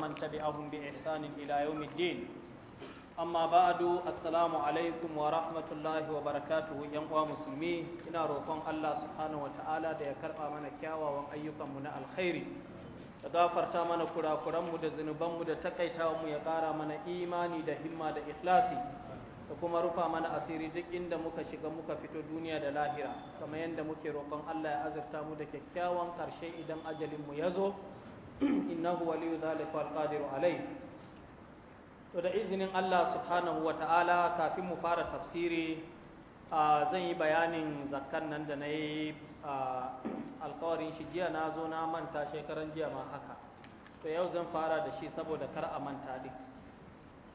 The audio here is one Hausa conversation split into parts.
ومن تبعهم بإحسان إلى يوم الدين أما بعد السلام عليكم ورحمة الله وبركاته ينقوى مسلمي إنا روكم الله سبحانه وتعالى دي كرقى من كياوى وأيكم من الخير تغافر تامن كرا كرم دا زنبم دا تقيتا وميقار من إيماني دا همة دا إخلاصي da kuma rufa mana asiri duk inda muka shiga muka fito duniya da lahira kamar yadda muke roƙon Allah ya azurta mu da kyakkyawan ƙarshe idan ajalin mu ya zo innahu waliyu zalika wal qadiru alayh to da izinin Allah subhanahu wa ta'ala kafin mu fara tafsiri zan yi bayanin zakkan nan da na yi alƙawarin shi jiya na zo na manta shekaran jiya ma haka to yau zan fara da shi saboda kar a manta din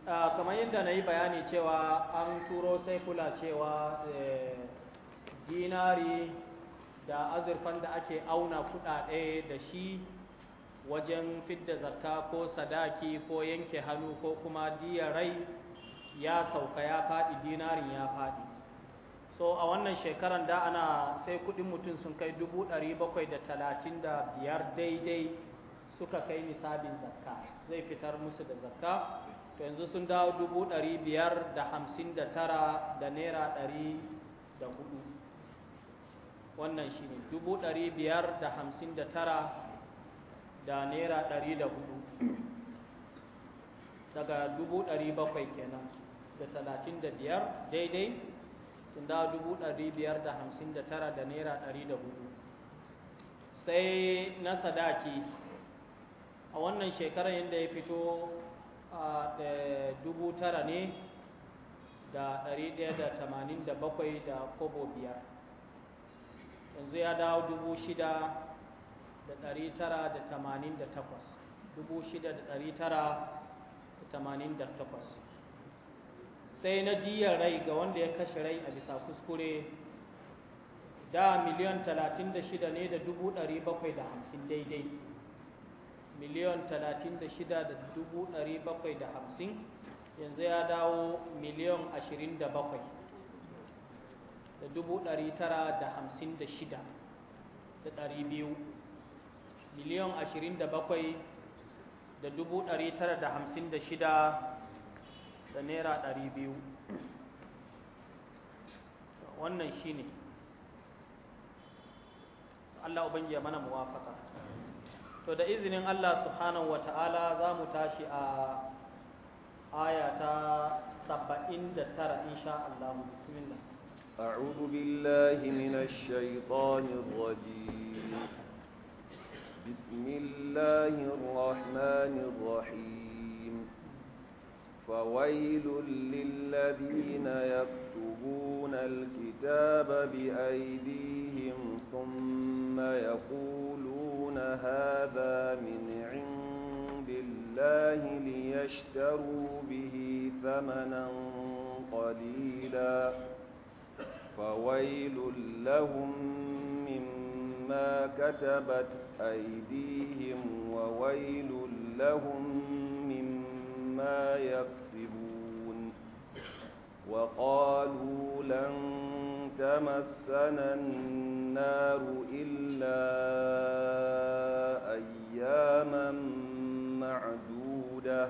kamar yadda na yi bayani cewa an turo sai kula cewa e, dinari da azurfan da ake auna kuɗaɗe da shi wajen fidda zakka ko sadaki ko yanke hannu ko kuma diya rai ya sauka ya faɗi dinarin ya faɗi so a wannan shekaran da ana sai kuɗin mutum sun kai dubu daidai suka kai nisabin zakka zai fitar musu da zakka to yanzu sun dawo dubu ɗari biyar da hamsin da naira ɗari wannan shi ne dubu da naira ɗari da hudu daga dubu ɗari bakwai kenan da talatin da biyar daidai sun da dubu ɗari biyar da hamsin da tara da naira ɗari da hudu sai na sadaki a wannan shekarar yadda ya fito a e, dubu tara ne da ɗari ɗaya da tamanin da bakwai da kobo biyar yanzu ya dawo dubu shida da sai na jiyar rai ga wanda ya kashe rai a bisa kuskure da miliyan talatin ne da dubu dari bakwai da hamsin daidai miliyan talatin da shida yanzu ya dawo miliyan ashirin da bakwai da dubu miliyan ashirin da bakwai da dubu ɗari tara da hamsin da shida da naira ɗari biyu wannan shi ne Allah ubangiya mana muwafaka to da izinin Allah subhanahu wa ta'ala za mu tashi a aya saba'in da tara insha Allah mu bismillah أعوذ بالله من الشيطان الرجيم بسم الله الرحمن الرحيم فويل للذين يكتبون الكتاب بأيديهم ثم يقولون هذا من عند الله ليشتروا به ثمنا قليلا فويل لهم بما كتبت أيديهم وويل لهم مما يكسبون وقالوا لن تمسنا النار إلا أياما معدودة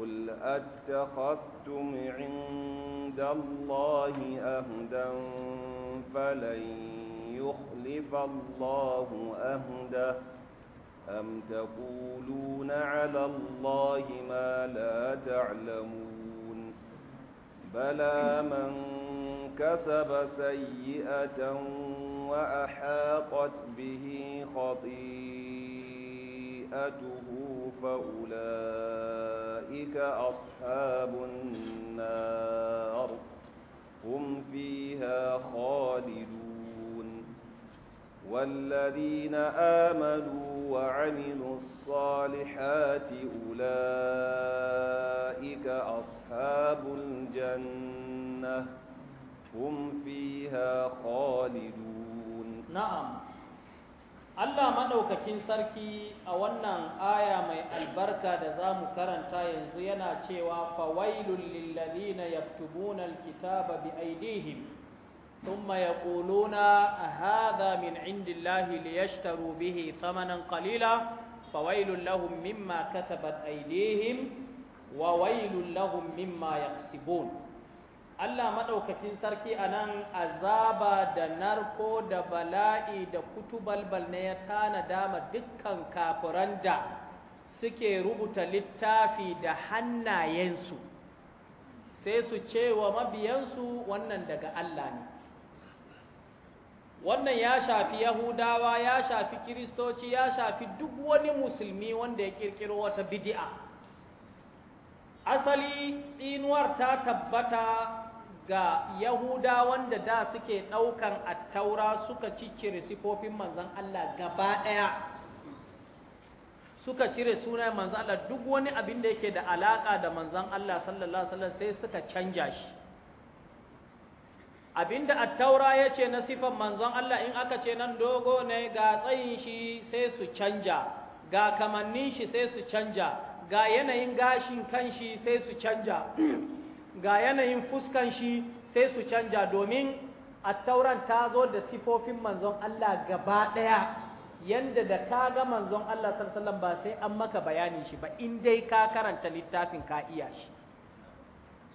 قل أتخذتم عند الله أهدا فلن يخلف الله أهدا أم تقولون على الله ما لا تعلمون بلى من كسب سيئة وأحاطت به خطيئة خطيئته فأولئك أصحاب النار هم فيها خالدون والذين آمنوا وعملوا الصالحات أولئك أصحاب الجنة هم فيها خالدون نعم Allah maɗaukakin sarki a wannan aya mai albarka da za mu karanta yanzu yana cewa fawailun lillazina yaktubuna alkitaba bi aidihim thumma yaquluna hadha min indillahi liyashtaru bihi thamanan qalila fawailun lahum mimma katabat aidihim wa wailun lahum mimma yaksibun Allah maɗaukacin sarki a nan azaba da narko da bala'i da kutubalbal ne ya tanada ma dukkan kafiran da suke rubuta littafi da hannayensu sai su ce wa mabiyansu wannan daga Allah ne wannan ya shafi yahudawa ya shafi kiristoci ya shafi duk wani musulmi wanda ya ƙirƙiro wata bidi'a. asali tsinuwar ta tabbata ga Yahuda wanda da suke ɗaukan attaura suka ciccire sifofin manzan Allah gaba ɗaya suka cire sunan manzan Allah duk wani abin da yake da alaƙa da manzan Allah sallallahu alaihi wasallam sai suka canja shi abinda attaura yace ce na sifan manzon Allah in aka ce nan dogo ne ga tsayin shi sai su canja ga kamannin shi sai su canja ga yanayin gashin kanshi sai su canja ga yanayin fuskan shi sai su canja domin a tauran ta zo da sifofin manzon Allah gaba ɗaya Yadda da ka ga manzon Allah sallallahu ba sai an maka bayani shi ba in dai ka karanta littafin ka iya shi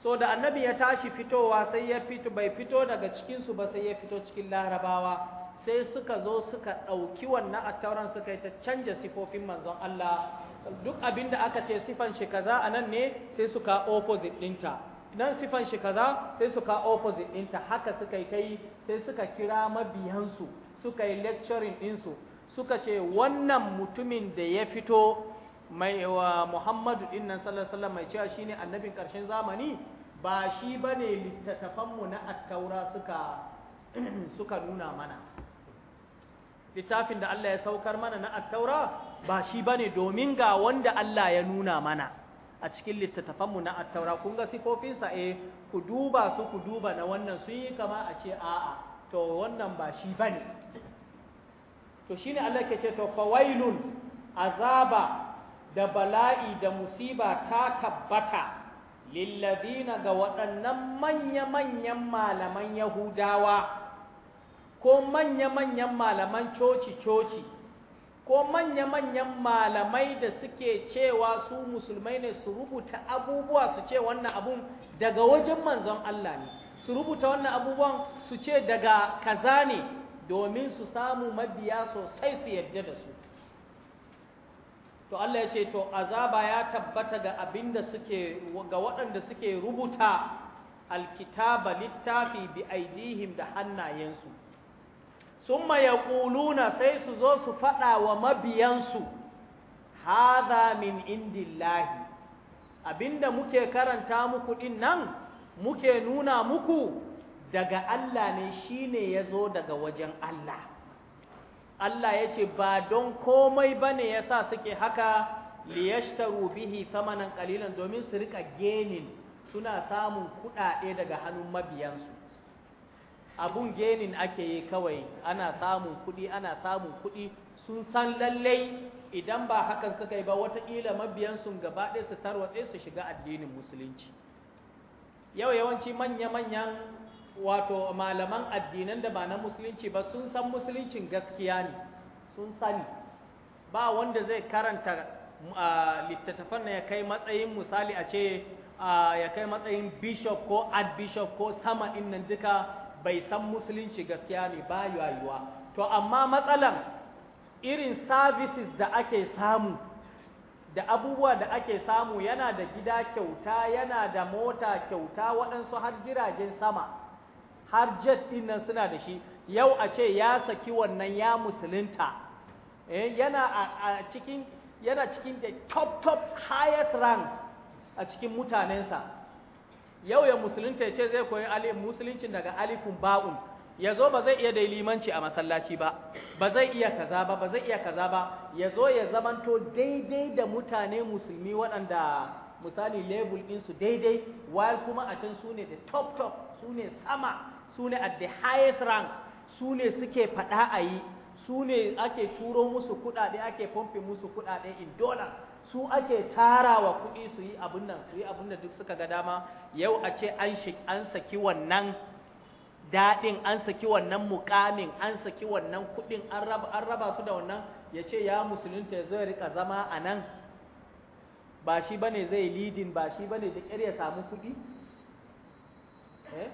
so da annabi ya tashi fitowa sai ya fito bai fito daga cikinsu ba sai ya fito cikin larabawa sai suka zo suka ɗauki wannan a tauran suka yi ta canja sifofin manzon Allah duk abinda aka ce sifan shi kaza a nan ne sai suka opposite ɗinta nan sifan shi kaza sai suka opposite ɗinta haka suka yi kai sai suka kira mabiyansu suka yi lecturing ɗinsu suka ce wannan mutumin da ya fito mai wa Muhammadu ɗin nan sallallahu mai cewa shine annabin karshen zamani ba shi bane littattafanmu na attaura suka suka nuna mana littafin da Allah ya saukar mana na attaura ba shi bane domin ga wanda Allah ya nuna mana a cikin littattafanmu na attaura kun ga sifofinsa eh ku duba su ku duba na wannan sun yi kama a ce a'a to wannan ba shi ba ne. to ne Allah ke ce to fawailun azaba da bala'i da musiba ta tabbata na ga waɗannan manya-manyan malaman yahudawa ko manya-manyan malaman coci-coci ko manya-manyan malamai da suke cewa su musulmai ne su rubuta abubuwa su ce wannan abun daga wajen manzon Allah ne su rubuta wannan abubuwan su ce daga kaza ne domin su samu mabiya sosai su yarda da su to Allah ya ce to azaba ya tabbata ga abinda suke ga waɗanda suke rubuta alkitaba littafi bi aidihim da hannayensu summa yaquluna sai su zo su faɗa wa mabiyansu hadha min indillahi abinda muke karanta muku din nan muke nuna muku daga Allah ne shine yazo daga wajen Allah Allah yace ba don komai bane yasa suke haka liyashtaru bihi samanan qalilan domin su rika genin suna samun kuɗaɗe daga hannun mabiyansu abun genin ake yi kawai ana samun kuɗi ana samun kuɗi sun san lallai idan ba hakan suka yi ba wataƙila mabiyansu gaba ɗaya su tarwatse su shiga addinin musulunci yau yawanci manya-manyan wato malaman addinan da ba na musulunci ba sun san musuluncin gaskiya ne sun sani ba wanda zai karanta littattafan na ya kai matsayin misali a ce ya kai matsayin bishop ko ad bishop ko sama innan duka bai san musulunci gaskiya ne ba yayuwa to amma matsalan irin services da ake samu da abubuwa da ake samu yana da gida kyauta yana da mota kyauta waɗansu har jiragen sama har jet ɗin nan suna da shi yau a ce ya saki wannan ya musulunta eh, yana a cikin yana cikin da top top highest rank a cikin mutanensa yau ya musulunta ya ce zai koyi alif musuluncin daga alifun ba'un ya zo ba zai iya da limanci a masallaci ba ba zai iya kaza ba ba zai iya kaza ba ya zo ya zamanto daidai da mutane musulmi waɗanda misali label ɗinsu daidai while kuma a can su ne top top su sama su at the highest rank Sune suke faɗa a yi su ake turo musu kuɗaɗe ake fomfe musu kuɗaɗe in dollars su ake tara wa kuɗi su yi abin nan su yi abin da duk suka ga dama yau a ce an saki wannan daɗin an saki wannan mukamin an saki wannan kuɗin an raba su da wannan ya ce ya musulunta zai rika zama a nan ba shi ba ne zai lidin ba shi ba ne da ƙyar ya samu kuɗi eh?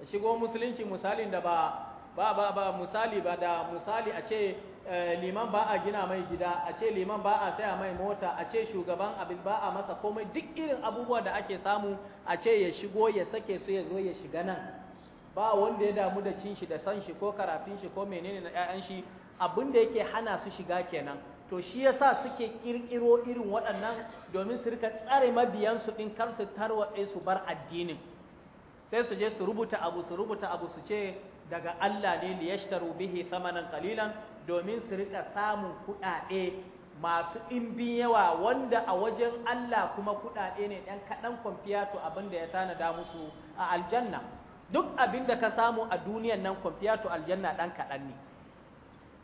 ya shigo musulunci misalin da ba ba ba misali ba da misali a ce Eh, liman ba a gina mai gida a ce liman ba a saya mai mota a ce shugaban abin ba a masa komai duk irin abubuwa da ake samu a ce ya shigo ya sake su ya zo ya shiga nan ba wanda ya damu da cin shi da san shi ko karafin shi ko menene na ƴaƴan shi abin da yake hana su shiga kenan to shi yasa suke kirkiro irin waɗannan domin su rika tsare su din kar su tarwaɗe su bar addinin sai su je su rubuta abu su rubuta abu su ce daga Allah ne liyashtaru bihi thamanan qalilan domin su rika samun kuɗaɗe masu ɗimbin yawa wanda a wajen Allah kuma kuɗaɗe ne ɗan kaɗan kwamfiya to abin da ya tanada musu a aljanna duk abin da ka samu a duniyan nan kwamfiya to aljanna ɗan kaɗan ne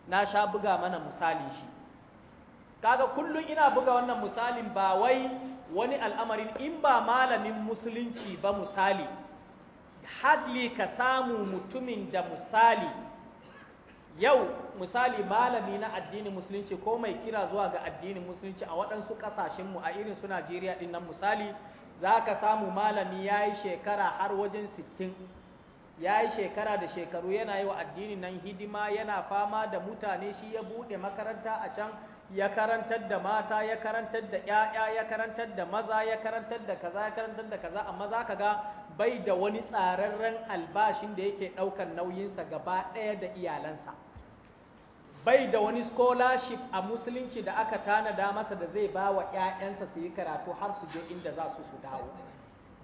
na sha buga mana misalin shi kaga kullum ina buga wannan misalin ba wai wani al'amarin in ba malamin musulunci ba misali hadli ka samu mutumin da misali yau misali malami na addinin musulunci ko mai kira zuwa ga addinin musulunci a waɗansu ƙasashenmu a irin su Najeriya ɗin nan misali za ka samu malami ya yi shekara har wajen sittin ya yi shekara da shekaru yana yi wa addinin nan hidima yana fama da mutane shi ya buɗe makaranta a can ya karantar da mata ya karantar da ‘ya'ya ya karantar da maza ya karantar da kaza ya karantar da kaza amma za ka ga bai da wani tsararren albashin da yake ɗaukar nauyinsa gaba ɗaya da iyalansa. bai da wani scholarship a musulunci da aka tanada masa da zai ba wa ‘ya'yansa su yi karatu har su je inda za su su dawo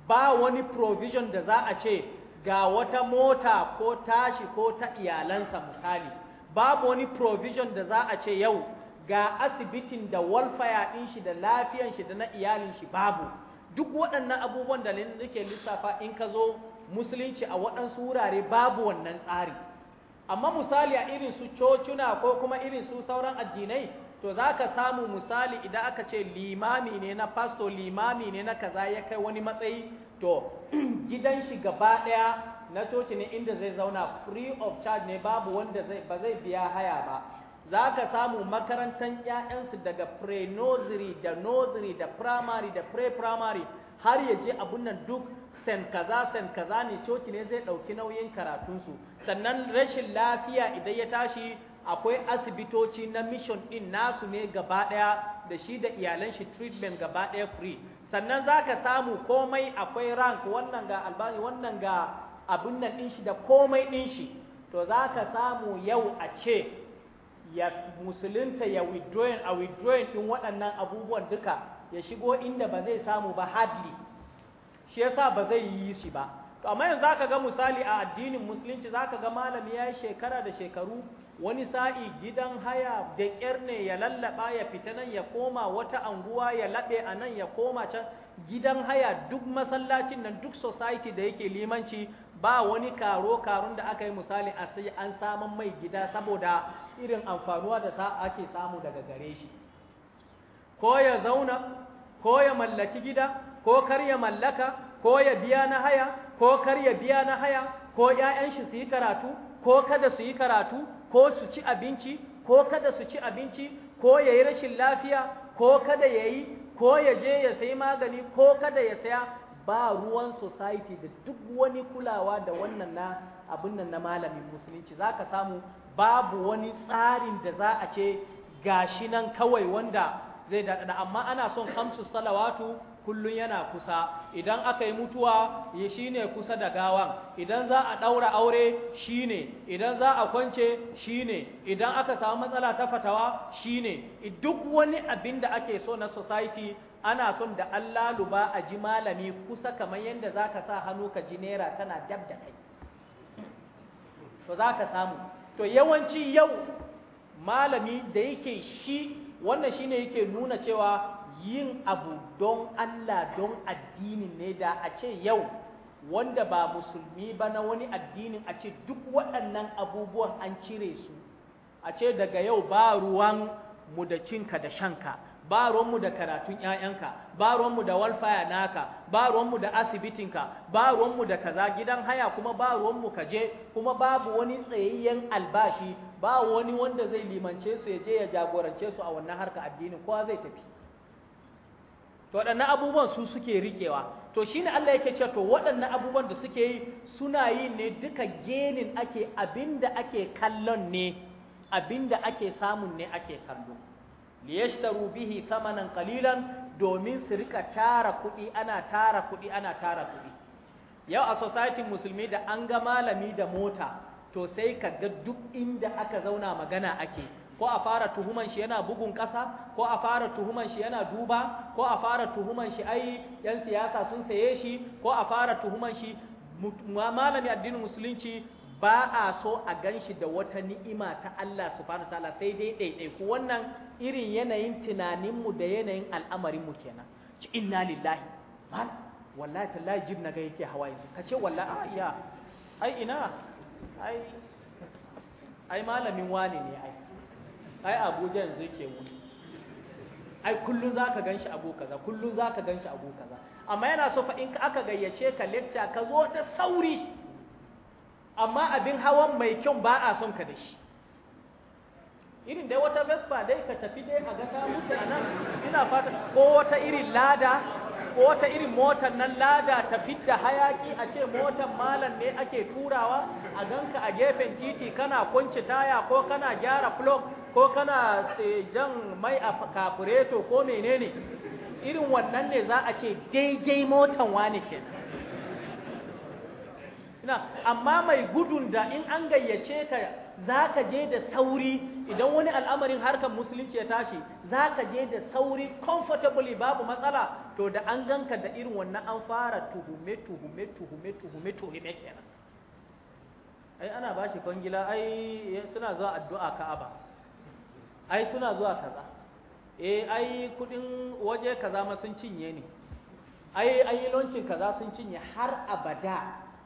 ba wani provision da za a ce ga wata mota ko tashi ko ta iyalansa misali babu wani provision da za a ce yau ga asibitin da walfaya ɗin shi da lafiyan shi da na iyalin shi babu duk waɗannan abubuwan da nake lissafa in ka zo musulunci a waɗansu wurare babu wannan tsari amma misali a irin su cocuna ko kuma irin su sauran addinai to za ka samu misali idan aka ce limami ne na pasto limami ne na kaza ya kai wani matsayi to gidan shi gaba daya na coci ne inda zai zauna free of charge ne babu wanda zai ba zai biya haya ba za ka samu makarantar 'ya'yansu daga pre-nursery da nursery da primary da pre-primary har ya je abun nan duk sen kaza sen kaza ne coci ne zai ɗauki nauyin karatun su sannan rashin lafiya idan ya tashi akwai asibitoci na mission ɗin nasu ne gaba ɗaya da shi da iyalan shi treatment gaba ɗaya free sannan za ka samu komai akwai rank wannan ga albani wannan ga abin nan ɗin shi da komai ɗin shi to za ka samu yau a ce ya musulunta ya withdrawing a withdrawing ɗin waɗannan abubuwan duka ya shigo inda ba zai samu ba hardly shi yasa ba zai yi shi ba to amma yanzu zaka ga misali a addinin musulunci zaka ga malami ya shekara da shekaru wani sa'i gidan haya da kyar ne ya lallaba ya fita nan ya koma wata anguwa ya laɓe a nan ya koma can gidan haya duk masallacin nan duk society da yake limanci ba wani karo karon da aka yi misali a sai an saman mai gida saboda irin amfanuwa da ake samu daga gare shi ko ya zauna ko ya mallaki gida ko kar ya mallaka ko ya biya na haya ko kar ya biya na haya ko ‘ya'yan shi su yi karatu ko kada su yi karatu ko su ci abinci ko kada su ci abinci ko ya yi rashin lafiya ko kada ya yi ko ya je ya sayi magani ko kada ya saya ba ruwan society da duk wani kulawa da wannan na abin nan na malamin musulunci za ka samu babu wani tsarin da za a ce gashi nan kawai wanda zai daɗa amma ana son kamsu salawatu kullum yana kusa idan aka yi mutuwa shi ne kusa da gawan idan za a ɗaura aure shi ne idan za a kwance shi ne idan aka samu matsala ta fatawa shi ne duk wani abin da ake so na society ana son da Allah luba a ji malami kusa kamar yadda za ka sa hannu ka ji naira tana dab da kai to za ka samu to yawanci yau malami da yake shi wannan shine yake nuna cewa yin abu don Allah don addini ne da a ce yau wanda ba musulmi ba na wani addinin a ce duk waɗannan abubuwan an cire su a ce daga yau ba ruwan mu da cinka da shanka ba ruwan mu da karatun ‘ya'yanka, ba ruwan mu da walfaya naka, ba ruwan mu da asibitinka, ba ruwan mu da kaza gidan haya kuma ba ruwan mu kaje, kuma babu wani tsayayyen albashi, ba wani wanda zai limance su ya je ya jagorance su a wannan harkar addini, kowa zai tafi. to waɗannan abubuwan su suke riƙewa to shine Allah yake cewa to waɗannan abubuwan da suke yi suna yi ne duka genin ake abinda ake kallon ne abinda ake samun ne ake kallo liyashtaru bihi samanan qalilan domin su rika tara kuɗi ana tara kuɗi ana tara kuɗi yau a society musulmi da an ga malami da mota to sai ka ga duk inda aka zauna magana ake ko a fara tuhuman shi yana bugun ƙasa ko a fara tuhuman shi yana duba ko a fara tuhuman shi ai yan siyasa sun saye shi ko a fara tuhuman shi malami addinin musulunci ba a so a gan shi da wata ni'ima ta Allah subhanahu ta'ala sai dai dai ku wannan irin yanayin tunaninmu da yanayin al'amarinmu kenan ci inna lillahi mal wallahi tallahi jib na ga yake hawa yanzu ka ce wallahi ah, iya ai ina ai ai malamin wani ne ai ai abuja yanzu yake wuri ai kullum za ka gan shi abu kaza kullum za ka gan shi abu kaza amma yana so fa in aka gayyace ka lecture ka zo ta sauri amma abin hawan mai kyau ba a son ka da shi irin dai wata vespa dai ka tafi dai a ga ta mutu a nan ina fata ko wata irin lada ko wata irin motar nan lada ta fidda hayaki a ce motar malam ne ake turawa a ganka a gefen titi kana kunci taya ko kana gyara plug ko kana eh, jan mai a kafureto ko menene irin wannan ne za a ce daidai motan wani ke amma mai gudun da in an gayyace ka za ka je da sauri idan wani al'amarin harkar musulunci ya tashi za ka je da sauri comfortably babu matsala to da an ganka da irin wannan an fara tuhume tuhume tuhume tuhume tuhume kenan ai ana bashi kwangila ai suna zuwa addu'a ka'aba ai suna zuwa kaza eh ai kudin waje kaza ma sun cinye ne ai ai launcin kaza sun cinye har abada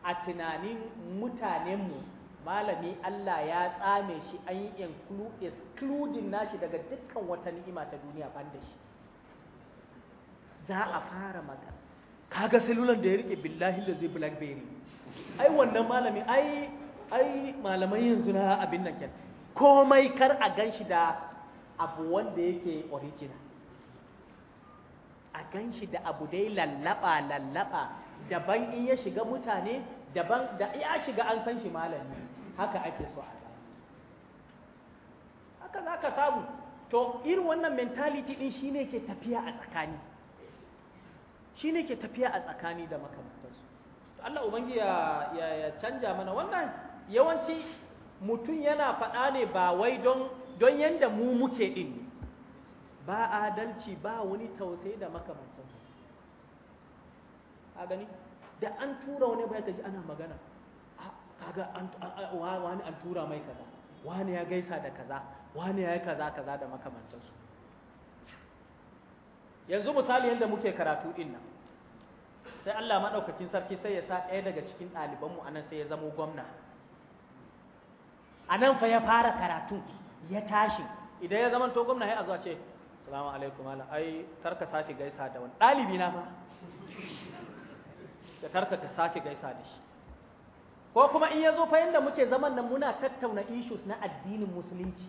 a tunanin mutanenmu malami Allah ya tsame shi an yi excluding nashi daga dukkan wata ni'ima ta duniya ban da shi za a fara magana kaga salulan da ya rike billahi da zai blackberry ai wannan malami ai ai malamai yanzu na abin nan kenan komai kar a ganshi da abu wanda yake original a gan shi da abu dai lallaba lallaba daban in ya shiga mutane daban da ya shiga an san shi malami haka ake so a haka za ka samu to irin wannan mentality din shi ne ke tafiya a tsakani shi ne ke tafiya a tsakani da makamantarsu to Allah ubangi ya, ya, ya canja mana wannan yawanci mutum yana faɗa ne ba wai don don yadda mu muke ɗin, ba adalci ba wani tausayi da makamantan a gani da an tura wani bai ka ji ana magana kaga wani an tura mai kaza wani ya gaisa da kaza wani ya yi kaza kaza da su yanzu misali yadda muke karatu ɗin nan sai Allah maɗaukakin sarki sai ya sa ɗaya daga cikin ɗalibanmu anan sai ya zamo gwamna a nan fa ya fara karatun ya tashi idan ya zama to gwamna ya azuwa ce salamu alaikum ala ai karka sake gaisa da wani ɗalibi na ba. Ka karka ka sake gaisa da shi ko kuma in ya zo fa yanda muke zaman nan muna tattauna issues na addinin musulunci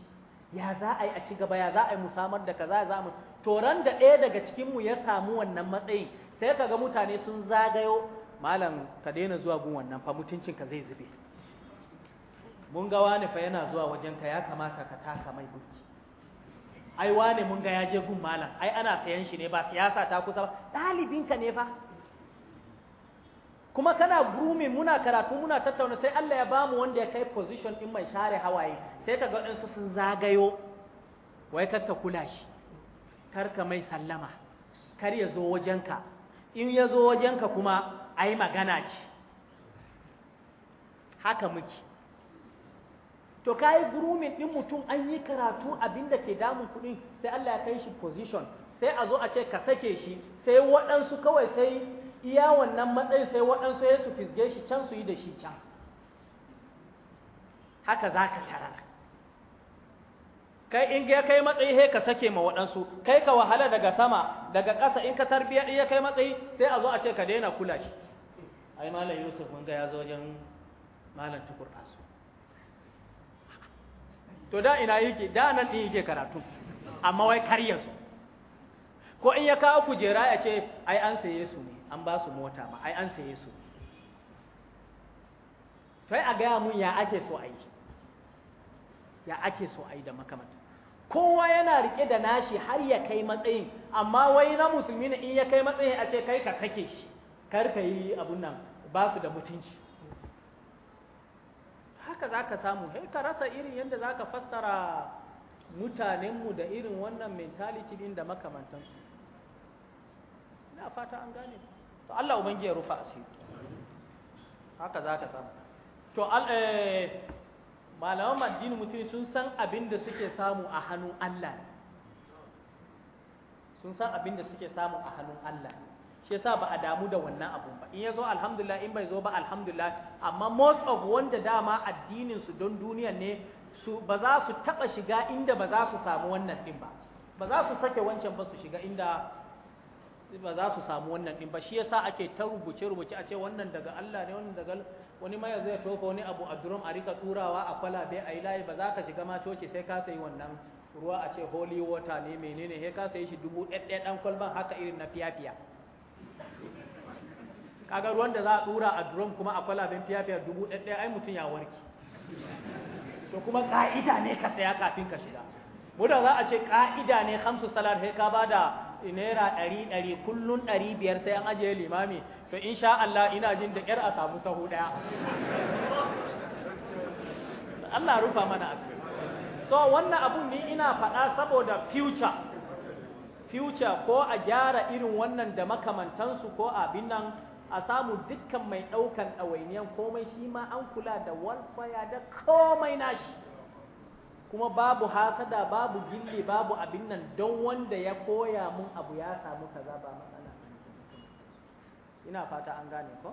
ya za a yi a ci gaba ya za a yi musamar da kaza za mu toran da ɗaya daga cikin mu ya samu wannan matsayi, sai kaga mutane sun zagayo malam ka daina zuwa gun wannan fa mutuncin ka zai zube mun ga wani fa yana zuwa wajenka ya kamata ka taka mai burki ai wani mun ga ya je gun malam ai ana sayan shi ne ba siyasa ta kusa ba ɗalibinka ne fa kuma kana grumi muna karatu muna tattauna sai Allah ya bamu wanda ya kai position din mai share hawaye sai ka ga su sun zagayo wai kar kula shi kar ka mai sallama kar ya zo wajenka in ya zo wajenka kuma ai magana ce haka muke to kayi grooming din mutum an yi karatu abinda ke damun kuɗin sai Allah ya kai shi position sai a zo a ce ka sake shi sai waɗansu kawai sai iya wannan matsayin sai waɗansu ya su fisge shi can su yi da shi can haka za ka tara kai in ga kai matsayi he ka sake ma waɗansu kai ka wahala daga sama daga ƙasa in ka tarbiyyar ya kai matsayi sai a zo a ce ka daina kula shi ai malam yusuf mun ga ya zo wajen malam tukur asu to da ina yake da nan din yake karatu amma wai kariyar su. ko in ya kawo kujera ya ce ai an saye su ne an ba su mota ma ai an saye su sai a gaya mun ya ake so a yi ya ake so a yi da makamata kowa yana rike da nashi har ya kai matsayin amma wai na musulmi ne in ya kai matsayin a ce kai ka sake shi kar ka yi abun nan ba su da mutunci haka za ka samu sai ka rasa irin yadda za ka fassara mutanenmu da irin wannan mentality din da makamantansu ina fata an gane to Allah ubangi ya rufa asiri haka za ka samu to eh, malaman addinin mutum sun san abin da suke samu a hannun Allah sun san abin da suke samu a hannun Allah shi yasa ba a damu da wannan abun ba in ya zo alhamdulillah in bai zo ba alhamdulillah amma most of wanda dama addinin su don duniya ne su ba za su taba shiga inda ba za su samu wannan din ba ba za su sake wancan ba su shiga inda ba za su samu wannan din ba shi yasa ake ta rubuce rubuce a ce wannan daga Allah ne wannan daga wani mai zai tofa wani abu a durum a rika turawa a kwalabe a yi layi ba za ka shiga ma coci sai ka sai wannan ruwa a ce holy water ne menene sai ka sai shi dubu ɗaya ɗan kwalban haka irin na fiya fiya kaga ruwan da za a dura a drum kuma a kwalaben fiya-fiya dubu ɗaya ai mutum ya warke to kuma ka'ida ne ka saya kafin ka shiga Muda za a ce ka'ida ne hamsu salar sai ka bada naira ɗari ɗari kullum ɗari biyar sai an ajiye limami to insha Allah ina jin da ƙyar a samu sahu ɗaya Allah rufa mana so wannan abun ni ina faɗa saboda future future ko a gyara irin wannan da makamantansu ko abin nan a samu dukkan mai ɗaukan ɗawainiyan komai shi ma an kula da walfaya da komai nashi kuma babu hasada babu gilli babu abin nan don wanda ya koya mun abu ya samu kaza ba matsala ina fata an gane ko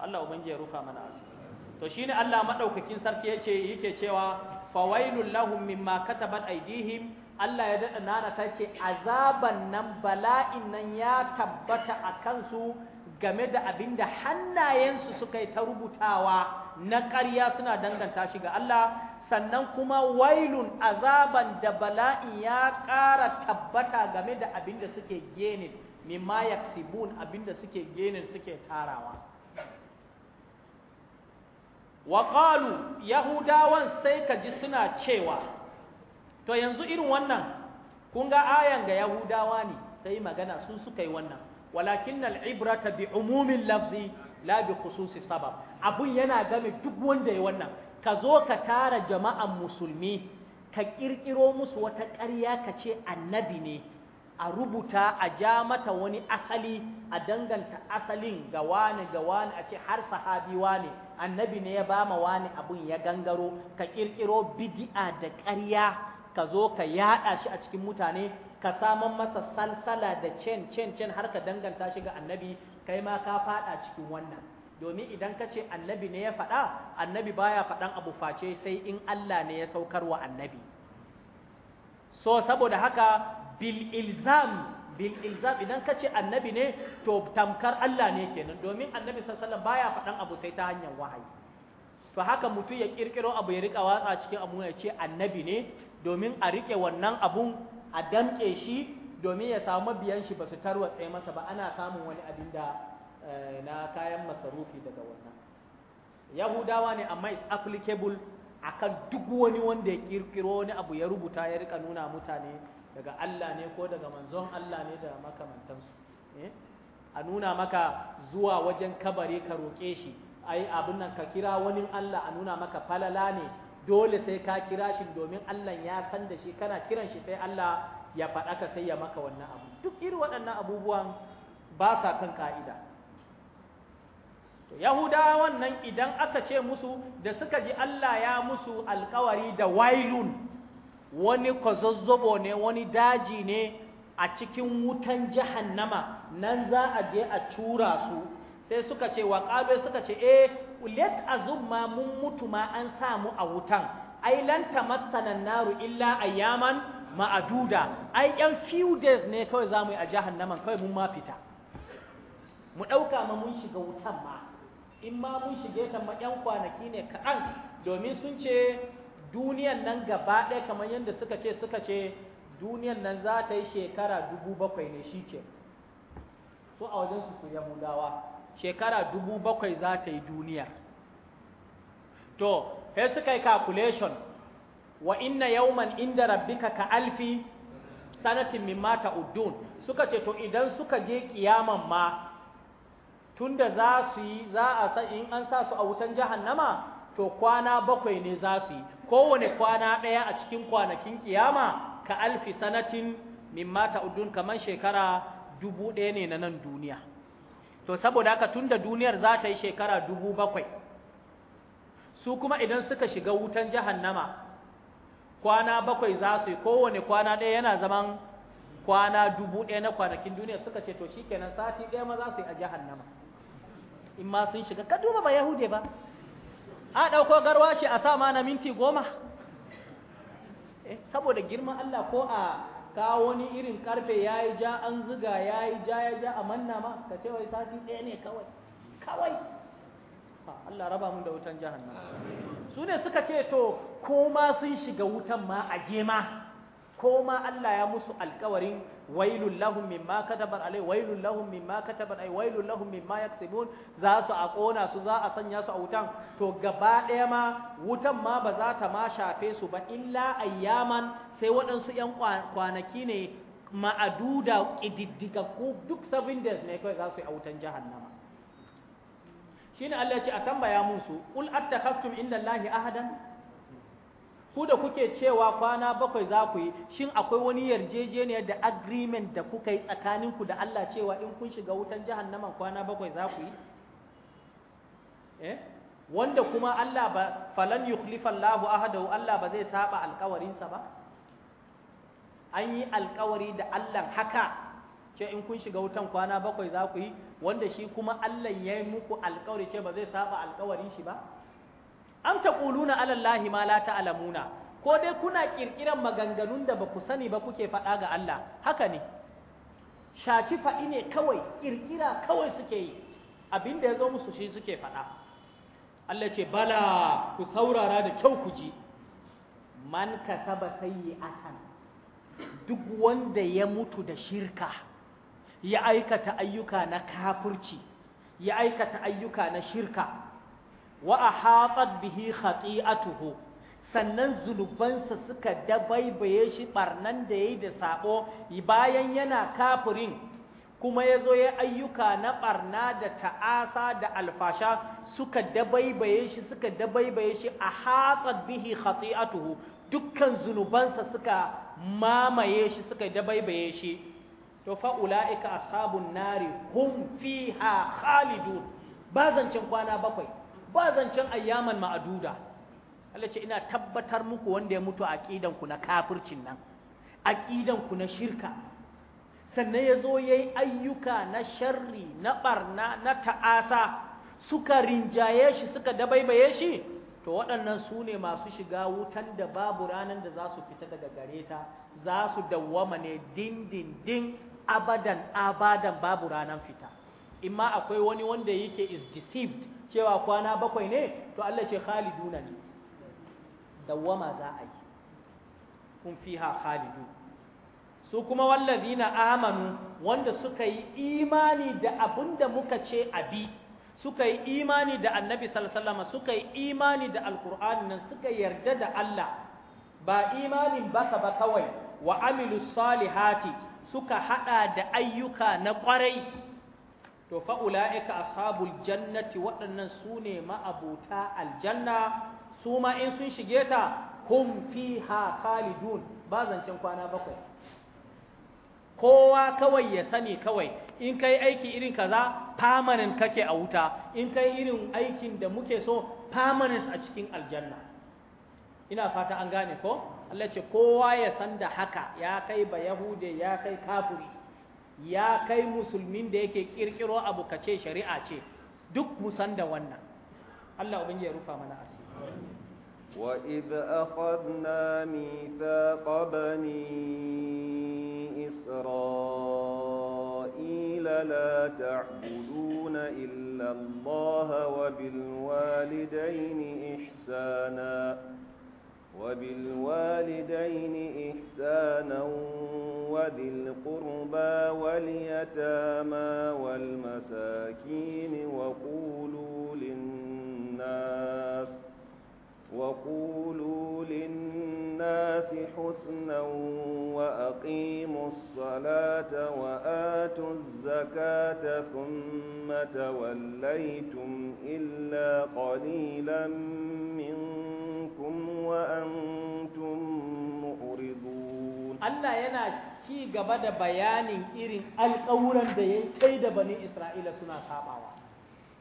Allah ubangiji ya rufa mana asiri to shine Allah madaukakin sarki yace yake cewa fawailul lahum mimma katabat aydihim Allah ya dada nana tace azaban nan bala'in nan ya tabbata a kansu. game da abin da hannayensu suka yi ta rubutawa na ƙarya suna danganta shi ga Allah sannan kuma wailun azaban da bala'in ya ƙara tabbata game da abin da suke genin mimma yaksibun abin da suke genin suke tarawa waƙalu yahudawan sai ka ji suna cewa to yanzu irin wannan kun ga ayan ga yahudawa ne sai magana su suka yi wannan walakin al'ibrata bi umumin lafzi la bi khususi sabab abun yana gami duk wanda ya wannan ka zo ka tara jama'an musulmi ka ƙirƙiro musu wata ƙarya ka ce annabi ne a rubuta a ja mata wani asali a danganta asalin ga wani ga wani a ce har sahabi wani annabi ne ya bama wani abun ya gangaro ka ƙirƙiro bid'a da ƙarya ka zo ka yaɗa shi a cikin mutane ka saman masa salsala da cen cen cen har ka danganta shi ga annabi kai ma ka fada cikin wannan domin idan ka ce annabi ne ya faɗa annabi baya faɗan abu face sai in Allah ne ya saukar wa annabi so saboda haka bil ilzam bil ilzam idan ka ce annabi ne to tamkar Allah ne kenan domin annabi sallallahu alaihi baya faɗan abu sai ta hanyar wahayi to haka mutum ya kirkiro abu ya rika watsa cikin abu ya ce annabi ne domin a rike wannan abun a damke shi domin ya samu biyan shi ba su tarwatse masa ba ana samun wani abin da eh, na kayan masarufi daga wannan yahudawa ne amma is applicable kan duk wani wanda ya kirkiro wani abu ya rubuta ya rika nuna mutane daga Allah ne ko daga manzon Allah ne da makamantansu eh? a nuna maka zuwa wajen kabari ka roƙe shi ai abin nan ka kira wani Allah a nuna maka falala ne dole sai ka kira shi domin Allah ya san da shi kana kiran shi sai Allah ya faɗaka sai ya maka wannan abu duk irin waɗannan abubuwan ba sa kan ka'ida to yahudawa nan idan aka ce musu da suka ji Allah ya musu alkawari da wailun wani kozozzobo ne wani daji ne a cikin wutan jahannama nan za a je a tura su sai suka ce wa suka ce eh let azum mun mutu ma an samu a wutan ai lan tamassana naru illa ayyaman ma'aduda ai yan few days ne kawai zamu yi a jahannaman kawai mun ma fita mu dauka ma mun shiga wutan ma in ma mun shige ta ma yan kwanaki ne kaɗan domin sun ce duniyan nan gaba ɗaya kamar yadda suka ce suka ce duniyan nan za ta yi shekara dubu bakwai ne shike ke so a wajen su yahudawa shekara dubu bakwai za ta yi duniya to sai suka yi calculation wa inna yawman inda rabbika ka alfi sanatin mimma udun suka ce to idan suka je kiyaman ma tunda za su yi za a sa in an sa su a wutan jahannama to kwana bakwai ne za su yi kowane kwana ɗaya a cikin kwanakin kiyama ka alfi sanatin mimma udun kamar shekara dubu ɗaya ne na nan duniya to saboda haka tunda duniyar za ta yi shekara dubu bakwai su kuma idan suka shiga wutan jahannama kwana bakwai za su yi kowane kwana ɗaya yana zaman kwana dubu ɗaya na kwanakin duniyar suka ce to shikenan sati ɗaya ma za su yi a jahannama in ma sun shiga ka duba ba yahude ba a ɗauko garwashi a sa ma na minti goma eh, saboda girman Allah ko a ka wani irin karfe ya yi ja an ziga ya yi ja ya ja a manna ma ka ce wai sati ɗaya ne kawai kawai Allah raba mun da wutan jahannama su ne suka ce to ko ma sun shiga wutan ma a gema ko ma Allah ya musu alkawarin wailul lahum mimma katabar alai wailul lahum mimma katabar ai wailul lahum mimma yaksibun za su a kona su za a sanya su a wutan to gaba ɗaya ma wutan ma ba za ta ma shafe su ba illa ayyaman sai waɗansu ‘yan kwanaki ne ma'aduda ƙididdiga ko duk seven days ne kawai za su yi autan jahannama shi ne Allah ce a tambaya musu ƙul atta kastum inda a ahadan ku da kuke cewa kwana bakwai za ku yi shin akwai wani yarjejeniyar da agreement da kuka yi tsakaninku da Allah cewa in kun shiga wutan jahannama kwana bakwai za ku yi eh? wanda kuma Allah ba falan labu a ahadahu Allah ba zai saba alkawarinsa ba an yi alkawari da Allah haka ce in kun shiga wutan kwana bakwai za ku yi wanda shi kuma Allah ya yi muku alkawari ce ba zai saba alkawarin shi ba An ta kuluna alallahi ma la ta'lamuna ko dai kuna kirkiran maganganun da ba ku sani ba kuke faɗa ga Allah haka ne shaci faɗi ne kawai kirkira kawai suke yi abin da ya zo musu shi suke faɗa Allah ce bala ku saurara da kyau ku ji man kasaba sayyi'atan duk wanda ya mutu da shirka ya aikata ayyuka na kafirci ya aikata ayyuka na shirka wa ahatat bihi khati'atuhu sannan zunubansa suka dabaibaye shi ɓarnan da yayi da sabo bayan yana kafirin kuma ya zo ya ayyuka na ɓarna da ta'asa da alfasha suka dabaibaye shi suka dabaibaye shi a hatsar bihi khati'atuhu dukkan zunubansa suka mamaye shi suka dabaibaye shi to fa ula'ika ashabun nari hum fiha khalidun ba zancen kwana bakwai ba zancen ayyaman ma'aduda Allah ce ina tabbatar muku wanda ya mutu a aqidan ku na kafircin nan aqidan ku na shirka sannan ya zo ya yi ayyuka na sharri na barna na ta'asa suka rinjaye shi suka dabaibaye shi to waɗannan su ne masu shiga wutan da babu ranar da za su fita daga gare ta za su dawwama ne dindindin abadan abadan babu ranar fita imma akwai wani wanda yake is deceived cewa kwana bakwai ne to Allah ce khaliduna ne dawwama za a yi kun fiha khalidu su kuma na amanu wanda suka yi imani da abin da muka ce abi suka yi imani da annabi sallallahu suka yi imani da alkur'ani nan suka yarda da Allah ba imanin baka ba kawai wa amilu salihati suka hada da ayyuka na kwarai to fa ulaika ashabul jannati waɗannan su ne ma'abuta aljanna su ma in sun shige ta hum fiha khalidun ba zancen kwana bakwai kowa kawai ya sani kawai in kai aiki irin kaza permanent kake a wuta in kai irin aikin da muke so permanent a cikin aljanna ina fata an gane ko Allah ce kowa ya san da haka ya kai ba yahude ya kai kafiri ya kai musulmin da yake kirkiro abu kace shari'a ce duk mu san da wannan Allah ubin ya rufa mana asiri wa id akhadna mithaqa bani إسرائيل لا تعبدون إلا الله وبالوالدين إحسانا وبالوالدين إحسانا وذي القربى واليتامى والمساكين وقولوا للناس وقولوا للناس حسنا وأقيموا الصلاة وآتوا الزكاة ثم توليتم إلا قليلا منكم وأنتم معرضون الله ينا ci gaba da bayanin irin alƙawuran da ya kai da bani Isra'ila suna sabawa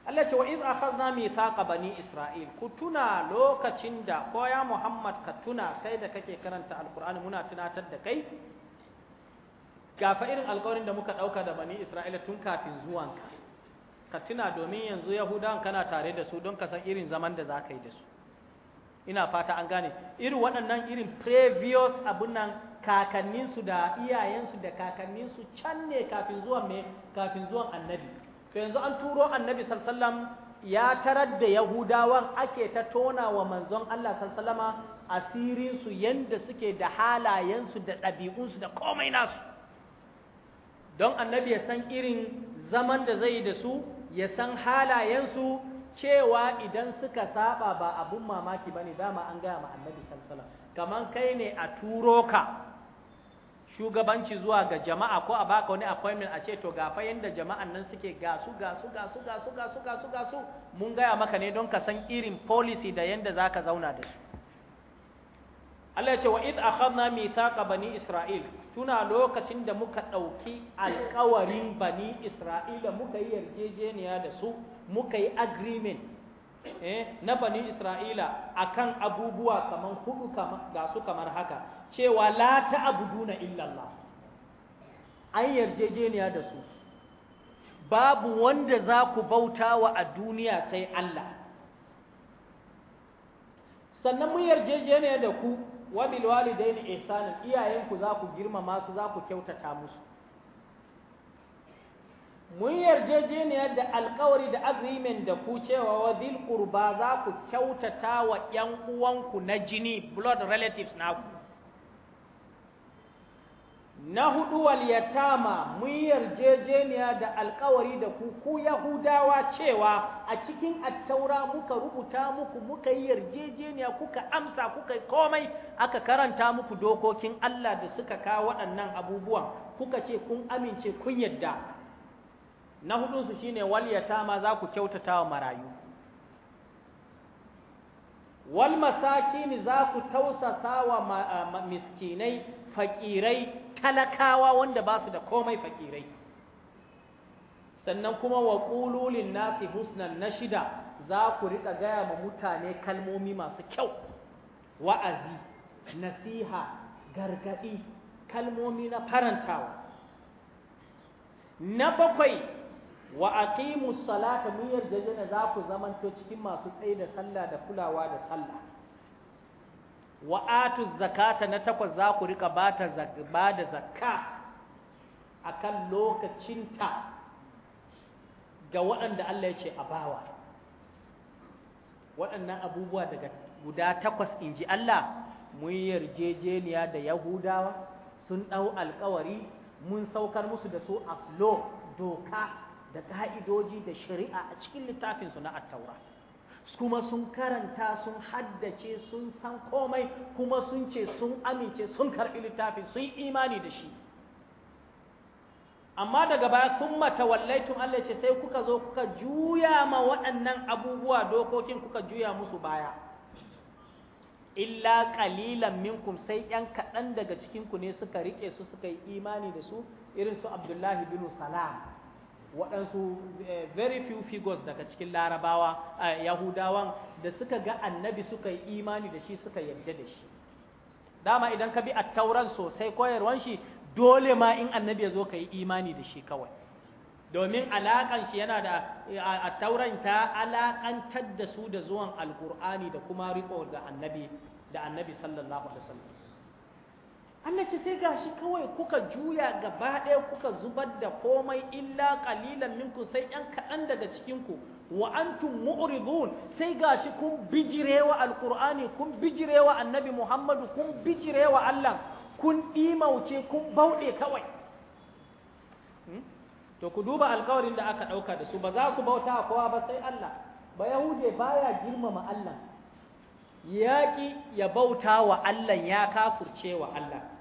Allah ce wa iz akhadna mithaqa bani Isra'il ku tuna lokacin da ko ya Muhammad ka tuna kai da kake karanta alqur'ani muna tunatar da kai gafa irin alƙawarin da muka ɗauka da bani Isra'ila tun kafin zuwanka ka tuna domin yanzu Yahudawan kana tare da su don ka san irin zaman da za ka yi da su ina fata an gane irin waɗannan irin previous abun nan kakanninsu da iyayensu da kakanninsu can ne kafin zuwan me kafin zuwan annabi to yanzu an turo annabi sallallahu ya tarar da yahudawan ake ta tona wa manzon Allah asirin su yanda suke da halayen su da su da komai nasu don annabi ya san irin zaman da zai da su ya san halayen su cewa idan suka saba ba abun mamaki bane dama an gaya ma annabi sallallahu alaihi kaman kai ne a turo ka shugabanci zuwa ga jama'a ko a baka wani appointment a ce to ga fa yanda jama'an nan suke ga su ga su ga su ga mun gaya maka ne don ka san irin policy da yanda zaka zauna da su Allah ya ce wa id akhadna mithaqa bani isra'il tuna lokacin da muka ɗauki alƙawarin bani isra'ila muka yi yarjejeniya da su muka yi agreement eh na bani isra'ila akan abubuwa kaman hudu kaman ga su kamar haka cewa la na illallah an yarjejeniya da su babu wanda za ku wa a duniya sai Allah sannan mun yarjejeniya da ku wa bil walidaini iyayenku za ku girmama su za ku kyautata musu mun yarjejeniyar da alkawari da agreement da ku cewa wa zil qurba za ku kyautata wa ‘yan uwanku na jini blood relatives naku na hudu wal yatama mun yarjejeniya da alkawari da ku ku yahudawa cewa a cikin attaura muka rubuta muku muka yi yarjejeniya kuka amsa kuka komai aka karanta muku dokokin Allah da suka kawo waɗannan abubuwan kuka ce kun amince kun yadda na hudunsu su shine wal yatama za ku kyautata wa marayu wal masakin za ku tausasa wa miskinai fakirai talakawa wanda ba su da komai fakirai sannan kuma wa nasi husnan na shida za ku riƙa gaya ma mutane kalmomi masu kyau wa'azi nasiha gargaɗi kalmomi na farantawa na bakwai wa aqimus salata mu yarjejena za ku zamanto cikin masu tsaye da sallah da kulawa da sallah wa atu zakata na takwas za ku rika ba da zakka a kan lokacinta ga waɗanda Allah ya ce a bawa waɗannan abubuwa daga guda takwas in ji Allah mun yarjejeniya da yahudawa sun ɗau alkawari mun saukar musu da su aslo doka da ka'idoji da shari'a a cikin littafinsu na attaura. kuma sun karanta sun haddace sun san komai kuma sun ce sun amince sun karɓi littafi sun yi imani da shi amma daga baya sun mata wallaitun, Allah ce sai kuka zo kuka juya ma waɗannan abubuwa dokokin kuka juya musu baya illa ƙalilan minkum sai ƴan kaɗan daga cikinku ne suka riƙe su suka yi imani da su irin su Abdullahi bin Salam waɗansu eh, very few figures daga cikin larabawa a yahudawan da suka ga annabi suka yi imani da shi suka yarda da shi dama idan ka bi tauran sosai koyarwan shi dole ma in annabi ya zo ka yi imani da shi kawai domin alaƙan shi yana da attauran ta alaƙantar da su da zuwan alƙur'ani da kuma riƙo da annabi da annabi sallallahu alaihi wasallam Allah sai gashi kawai kuka juya gaba ɗaya kuka zubar da komai illa qalilan minku sai yan kaɗan daga cikinku wa antum mu'ridun sai gashi kun bijirewa alqur'ani kun bijirewa annabi Muhammadu kun bijirewa Allah kun ɗimauce kun bauɗe kawai hmm? to ku duba alkawarin da aka ɗauka da su ba za su bauta kowa ba sai Allah ba yahude baya girmama Allah yaƙi ya bauta wa Allah ya kafurce wa Allah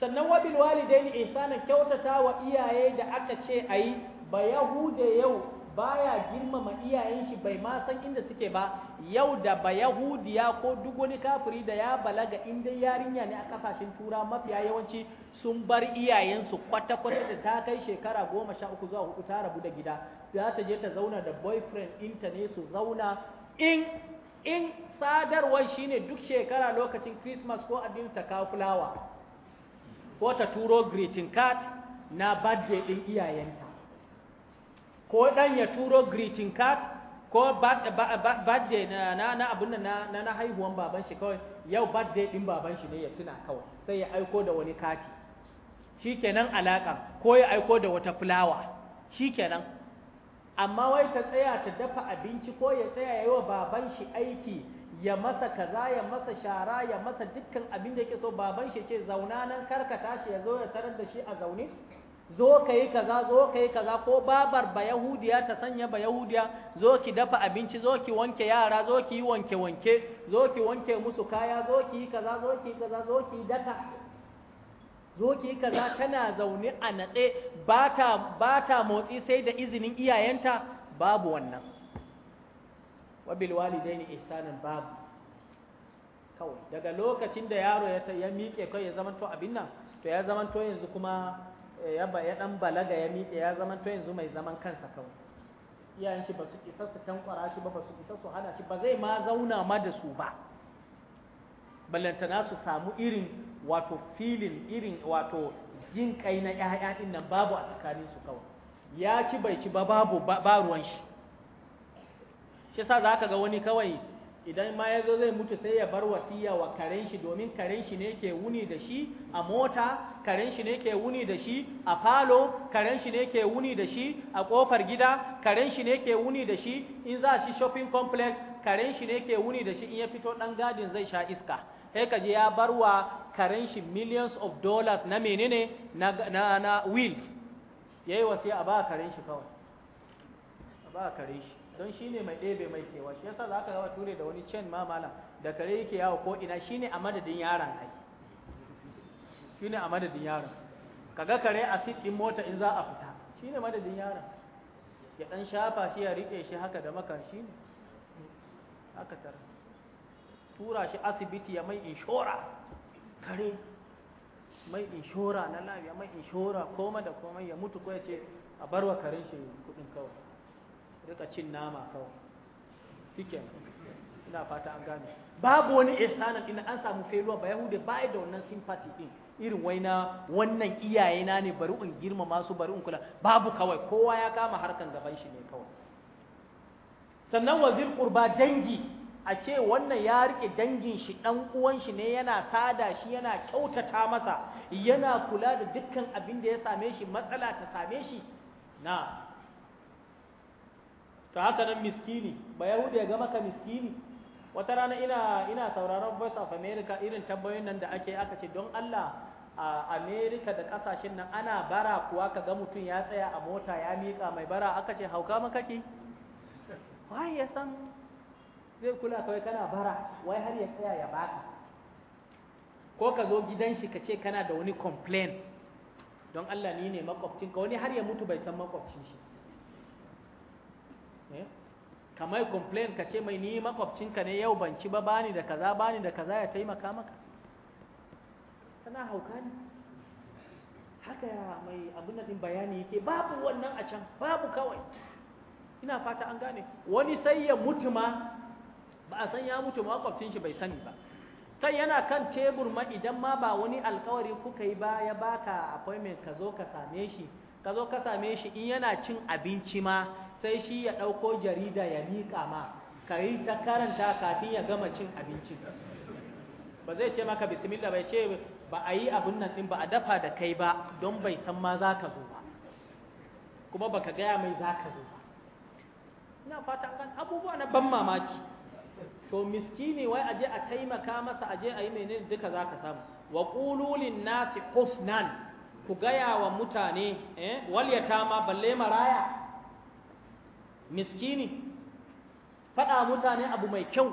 sannan wabil walidaini ihsanan kyautata wa iyaye da aka ce ayi ba yahude yau baya girmama iyayen shi bai ma san inda suke ba yau da ba yahudiya ko duk wani kafiri da ya balaga in dai yarinya ne a kasashen tura mafiya yawanci sun bar iyayensu kwata-kwata da ta kai shekara goma sha uku zuwa hudu ta rabu da gida za ta je ta zauna da boyfriend ɗinta ne su zauna in in sadarwar shine duk shekara lokacin christmas ko abin ta kawo fulawa ko ta turo greeting card na birthday ɗin iyayenta ko ɗan ya turo greeting card ko birthday na na abin na na haihuwan baban shi kawai yau birthday ɗin baban shi ne ya tuna kawai sai ya aiko da wani kati shikenan alaƙa ko ya aiko da wata fulawa shikenan amma wai ta tsaya ta dafa abinci ko ya tsaya yayi wa baban shi aiki ya masa kaza ya masa shara ya masa dukkan abin da yake so baban shi ce zauna nan karka tashi ya zo ya tarar da shi a zaune zo ka yi kaza zo ka yi kaza ko babar ba yahudiya ta sanya ba yahudiya zo ki dafa abinci zo ki wanke yara zo ki wanke wanke zo ki wanke musu kaya zo ki yi kaza zo ki yi kaza zo ki daka zo ki yi kaza tana zaune a natse ba ta motsi sai da izinin iyayenta babu wannan wa bil walidaini ihsanan babu kawai daga lokacin da yaro ya miƙe kai ya to abin nan to ya to yanzu kuma ya dan balaga ya miƙe ya to yanzu mai zaman kansa kawai iyayen shi ba su isa su tankwara shi ba ba su isa su hana shi ba zai ma zauna ma da su ba ballantana su samu irin wato filin irin wato jin kai na ƴaƴa din nan babu a tsakanin su kawai ya ci bai ci ba babu ba ruwan shi shi za ka ga wani kawai idan ma ya zo zai mutu sai ya bar wasiya wa karen shi domin karen shi ne ke wuni da shi a mota karen shi ne ke wuni da shi a falo karen shi ne ke wuni da shi a kofar gida karen shi ne ke wuni da shi in za shi shopping complex karen shi ne ke wuni da shi in ya fito dan gadin zai sha iska sai ka je ya barwa karen shi millions of dollars na menene na na, na will yayi wasiya a ba karen shi kawai a ba karen shi don shi ne mai ɗebe mai kewa shi yasa za ka ga ture da wani chain ma malam da kare yake yawo ko ina shi ne a madadin yaron ai ne a madadin yaron kaga kare a sit din mota in za a fita shi ne madadin yaron ya dan shafa shi ya rike shi haka da maka shi ne, haka tara tura shi asibiti ya mai inshora kare mai inshora na lafiya mai inshora koma da komai ya mutu ko ya ce a barwa karen shi kudin kawai rika cin nama kawai ina fata an gane babu wani ihsanan ina an samu failure ba yahude ba da wannan sympathy din irin waina wannan iyaye na ne bari in girmama su bari in kula babu kawai kowa ya kama harkan gaban shi ne kawai sannan wazir qurba dangi a ce wannan ya rike dangin shi dan uwan shi ne yana sada shi yana kyautata masa yana kula da dukkan abin da ya same shi matsala ta same shi na ka haka nan miskini ba yahudu ya ga maka miskini wata rana ina ina sauraron voice of america irin tambayoyin nan da ake aka ce don allah a america da kasashen nan ana bara kuwa ka ga mutum ya tsaya a mota ya mika mai bara aka ce hauka maka ki wai ya san zai kula kawai kana bara wai har ya tsaya ya baka ko ka zo gidan shi ka ce kana da wani complain don allah ni ne makwabcinka wani har ya mutu bai san makwabcin shi Eh? kamar complain ka ce mai ni makwabcinka ne yau ban ci ba bani da kaza bani da kaza ya taimaka maka tana hauka ne haka mai abin nan bayani yake babu wannan a can babu kawai ina fata an gane wani sai ya mutu ma ba a san ya mutu ma makwabcin shi bai sani ba sai yana kan tebur ma idan ma ba wani alkawari kuka yi ba ya baka appointment ka zo ka same shi ka zo ka same shi in yana cin abinci ma sai shi ya ɗauko jarida ya miƙa ma ka yi ta karanta kafin ya gama cin abinci ba zai ce maka bismillah bai ce ba a yi abin nan ɗin ba a dafa da kai ba don bai san ma za ka zo ba kuma ba ka gaya mai za ka zo ba ina fata kan abubuwa na ban mamaki to miskini wai a je a taimaka masa a je a yi menene duka za ka samu wa ƙululin nasi husnan ku gaya wa mutane eh wal balle maraya miskini faɗa mutane abu mai kyau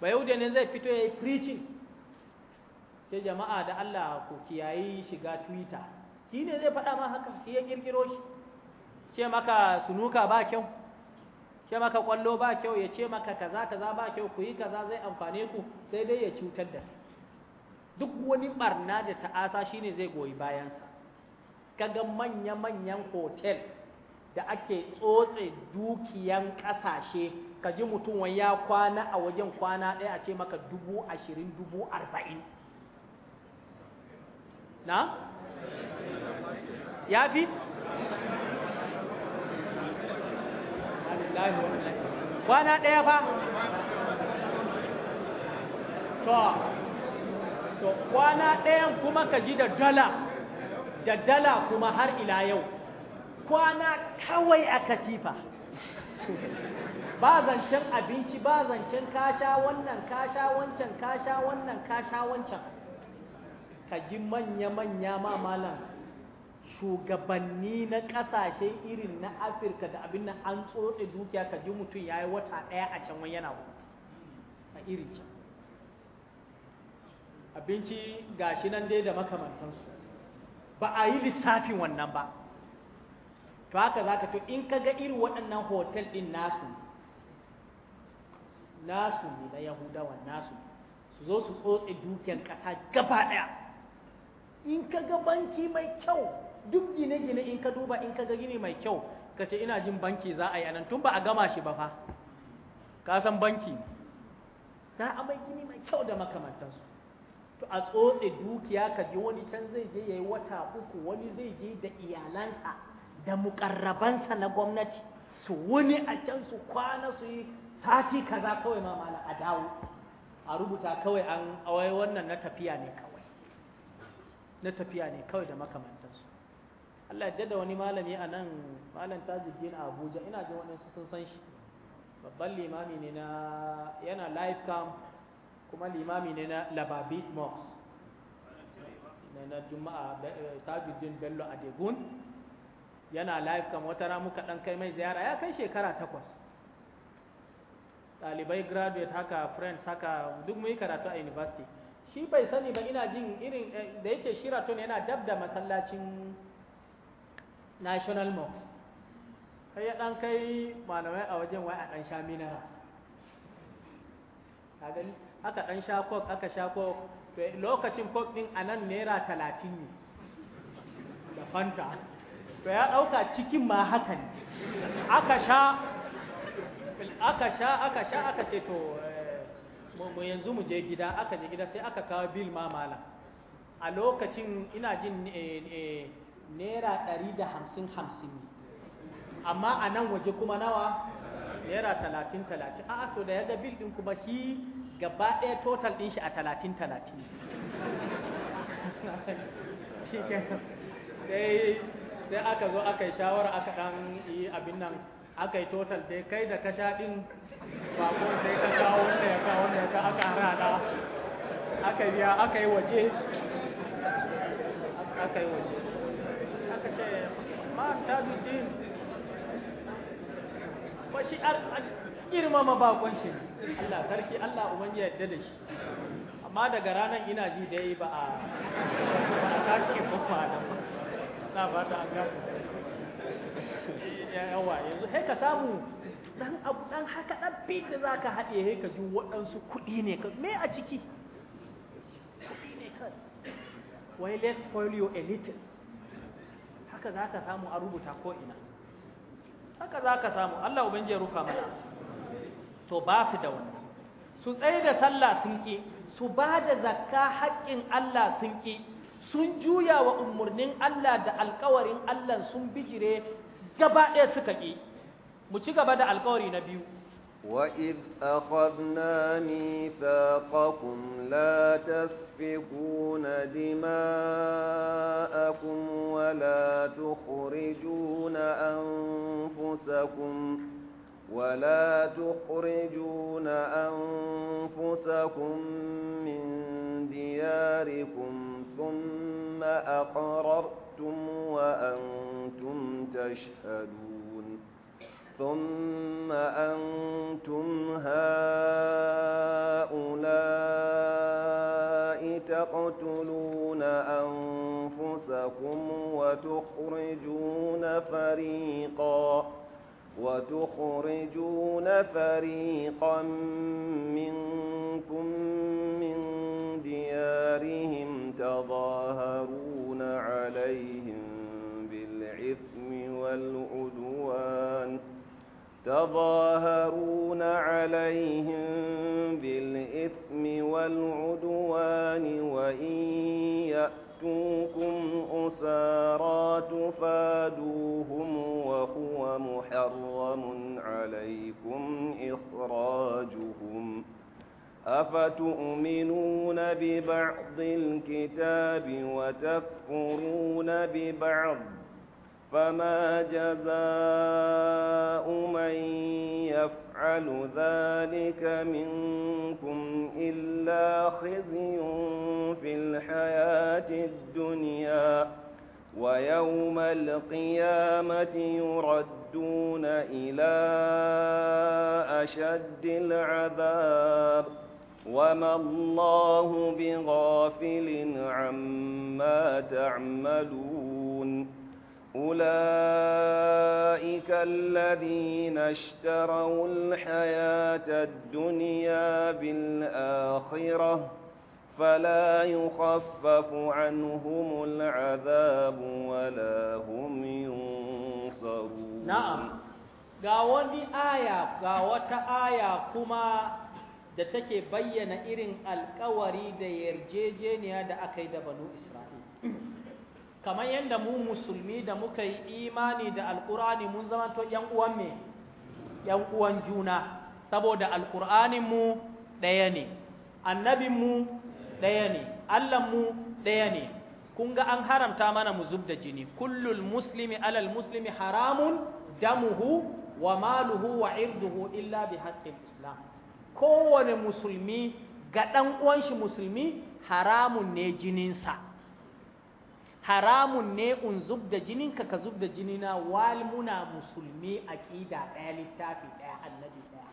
ba yaude ne zai fito ya yi preaching sai jama'a da Allah ku kiyayi shiga twitter shi ne zai faɗa ma haka shi ya ƙirƙiro shi ce maka sunuka ba kyau ce maka ƙwallo ba kyau ya ce maka kaza kaza ba kyau ku yi kaza zai amfane ku sai dai ya cutar da duk wani barna da ta'asa shine zai goyi bayansa kaga manya-manyan hotel da ake tsotse dukiyan ƙasashe ka ji mutum wani ya kwana a wajen kwana ɗaya a ce maka dubu ashirin dubu arba'in na? ya fi? kwana ɗaya ba? to to kwana ɗayan kuma ka ji da dala da dala kuma har ila yau kwana kawai a katifa ba zancen abinci ba zancen kasha wannan kasha wancan kasha wannan kasha wancan ka ji manya-manya ma malam shugabanni na kasashe irin na afirka da abin nan an tsotse dukiya ka ji mutum ya yi wata ɗaya a can wani yana hutu a irin can abinci gashi nan dai da makamantansu ba a yi lissafin wannan ba to haka za ka to in ka ga irin waɗannan hotel ɗin nasu nasu ne na yahudawa nasu su zo su tsotse dukiyar ƙasa gaba ɗaya in ka ga banki mai kyau duk gine-gine in ka duba in ka ga gini mai kyau ka ce ina jin banki za a yi anan tun ba a gama shi ba fa ka san banki za a mai gini mai kyau da makamantansu to a tsotse dukiya ka ji wani can zai je ya yi wata uku wani zai je da iyalansa da mukarrabansa na gwamnati su wuni a can su kwana su yi sati kaza kawai ma mana a dawo a rubuta kawai an awai wannan na tafiya ne kawai na tafiya ne kawai da makamantansu Allah ya da wani malami a nan malam tajuddin a Abuja ina jin wani sun san shi babban limami ne na yana live camp kuma limami ne na Lababit Mosque na juma'a tajuddin Bello Adegun yana live kam wata rana muka dan kai mai ziyara ya kai shekara takwas ɗalibai graduate haka friends haka duk mun karatu a university shi bai sani ba ina jin irin eh, da yake ton yana dab da masallacin national mosque Kai ya dan kai malamai a wajen wai a dan sha minara aka dan sha kok aka sha kok lokacin kok din anan naira talatin ne da fanta to ya ɗauka cikin ma haka ne aka sha aka sha aka sha aka ce to eh, mu yanzu mu je gida aka je gida sai aka kawo bil ma mala a lokacin ina jin eh, eh, naira ɗari da hamsin hamsin ne amma a nan waje kuma nawa naira talatin talatin a'a to da ya ga bil ɗin kuma shi gaba ɗaya total ɗin shi a talatin talatin sai aka zo aka yi shawara aka dan yi abin nan aka yi total dai kai da ka sha ɗin sai ka kawo wanda ya kawo wanda ya kawo aka harada aka yi aka yi waje aka yi waje aka ce ma ta dudin ba shi ar girma ma bakon shi Allah sarki Allah uban ya yadda da shi amma daga ranar ina ji dai ba a tashi babba da ba na fata an gane yawa yanzu sai ka samu dan abu dan haka dan za zaka haɗe sai ka ji waɗansu kuɗi ne ka me a ciki kuɗi ne ka wai let's spoil you a little haka za ka samu a rubuta ko ina haka za ka samu Allah ubangiji ya rufa mana to ba su da wannan su tsaye da sallah sun ki su ba da zakka haƙƙin Allah sun ki sun juya wa umarnin Allah da alkawarin Allah sun bijire gaba ɗaya suka ƙi mu ci gaba da alkawari na biyu وَإِذْ أَخَذْنَا مِيثَاقَكُمْ لَا تَسْفِكُونَ دِمَاءَكُمْ وَلَا تُخْرِجُونَ أَنفُسَكُمْ وَلَا تُخْرِجُونَ أَنفُسَكُمْ مِنْ دِيَارِكُمْ ثم أقررتم وأنتم تشهدون ثم أنتم هؤلاء تقتلون أنفسكم وتخرجون فريقاً وتخرجون فريقا منكم من ديارهم تظاهرون عليهم بالإثم والعدوان تظاهرون عليهم بالإثم والعدوان وإن يأتوكم أسارى تفادوهم وهو محرم عليكم إخراجهم أفتؤمنون ببعض الكتاب وتكفرون ببعض فما جزاء من يفعل ذلك منكم إلا خزي في الحياة الدنيا ويوم القيامة يردون إلى أشد العذاب وما الله بغافل عما تعملون أولئك الذين اشتروا الحياة الدنيا بالآخرة فلا يخفف عنهم العذاب ولا هم ينصرون نعم ga آية aya آية كما da take bayyana irin alkawari da yarjejeniya da aka yi da banu Isra'il. Kamar yadda mu musulmi da muka yi imani da alkur'ani mun zamanto ‘yan uwan me, ‘yan uwan juna, saboda mu ɗaya ne, annabinmu ɗaya ne, mu ɗaya ne, kun ga an haramta mana mu zub da jini, kullul muslimi alal muslimi haramun damuhu wa maluhu wa irduhu illa bi haƙƙin Islam. kowane musulmi ga ɗan uwanshi musulmi haramun ne jininsa haramun ne in zub da jininka ka zub da jinina wal muna musulmi ƙida ɗaya littafi ɗaya annabi ɗaya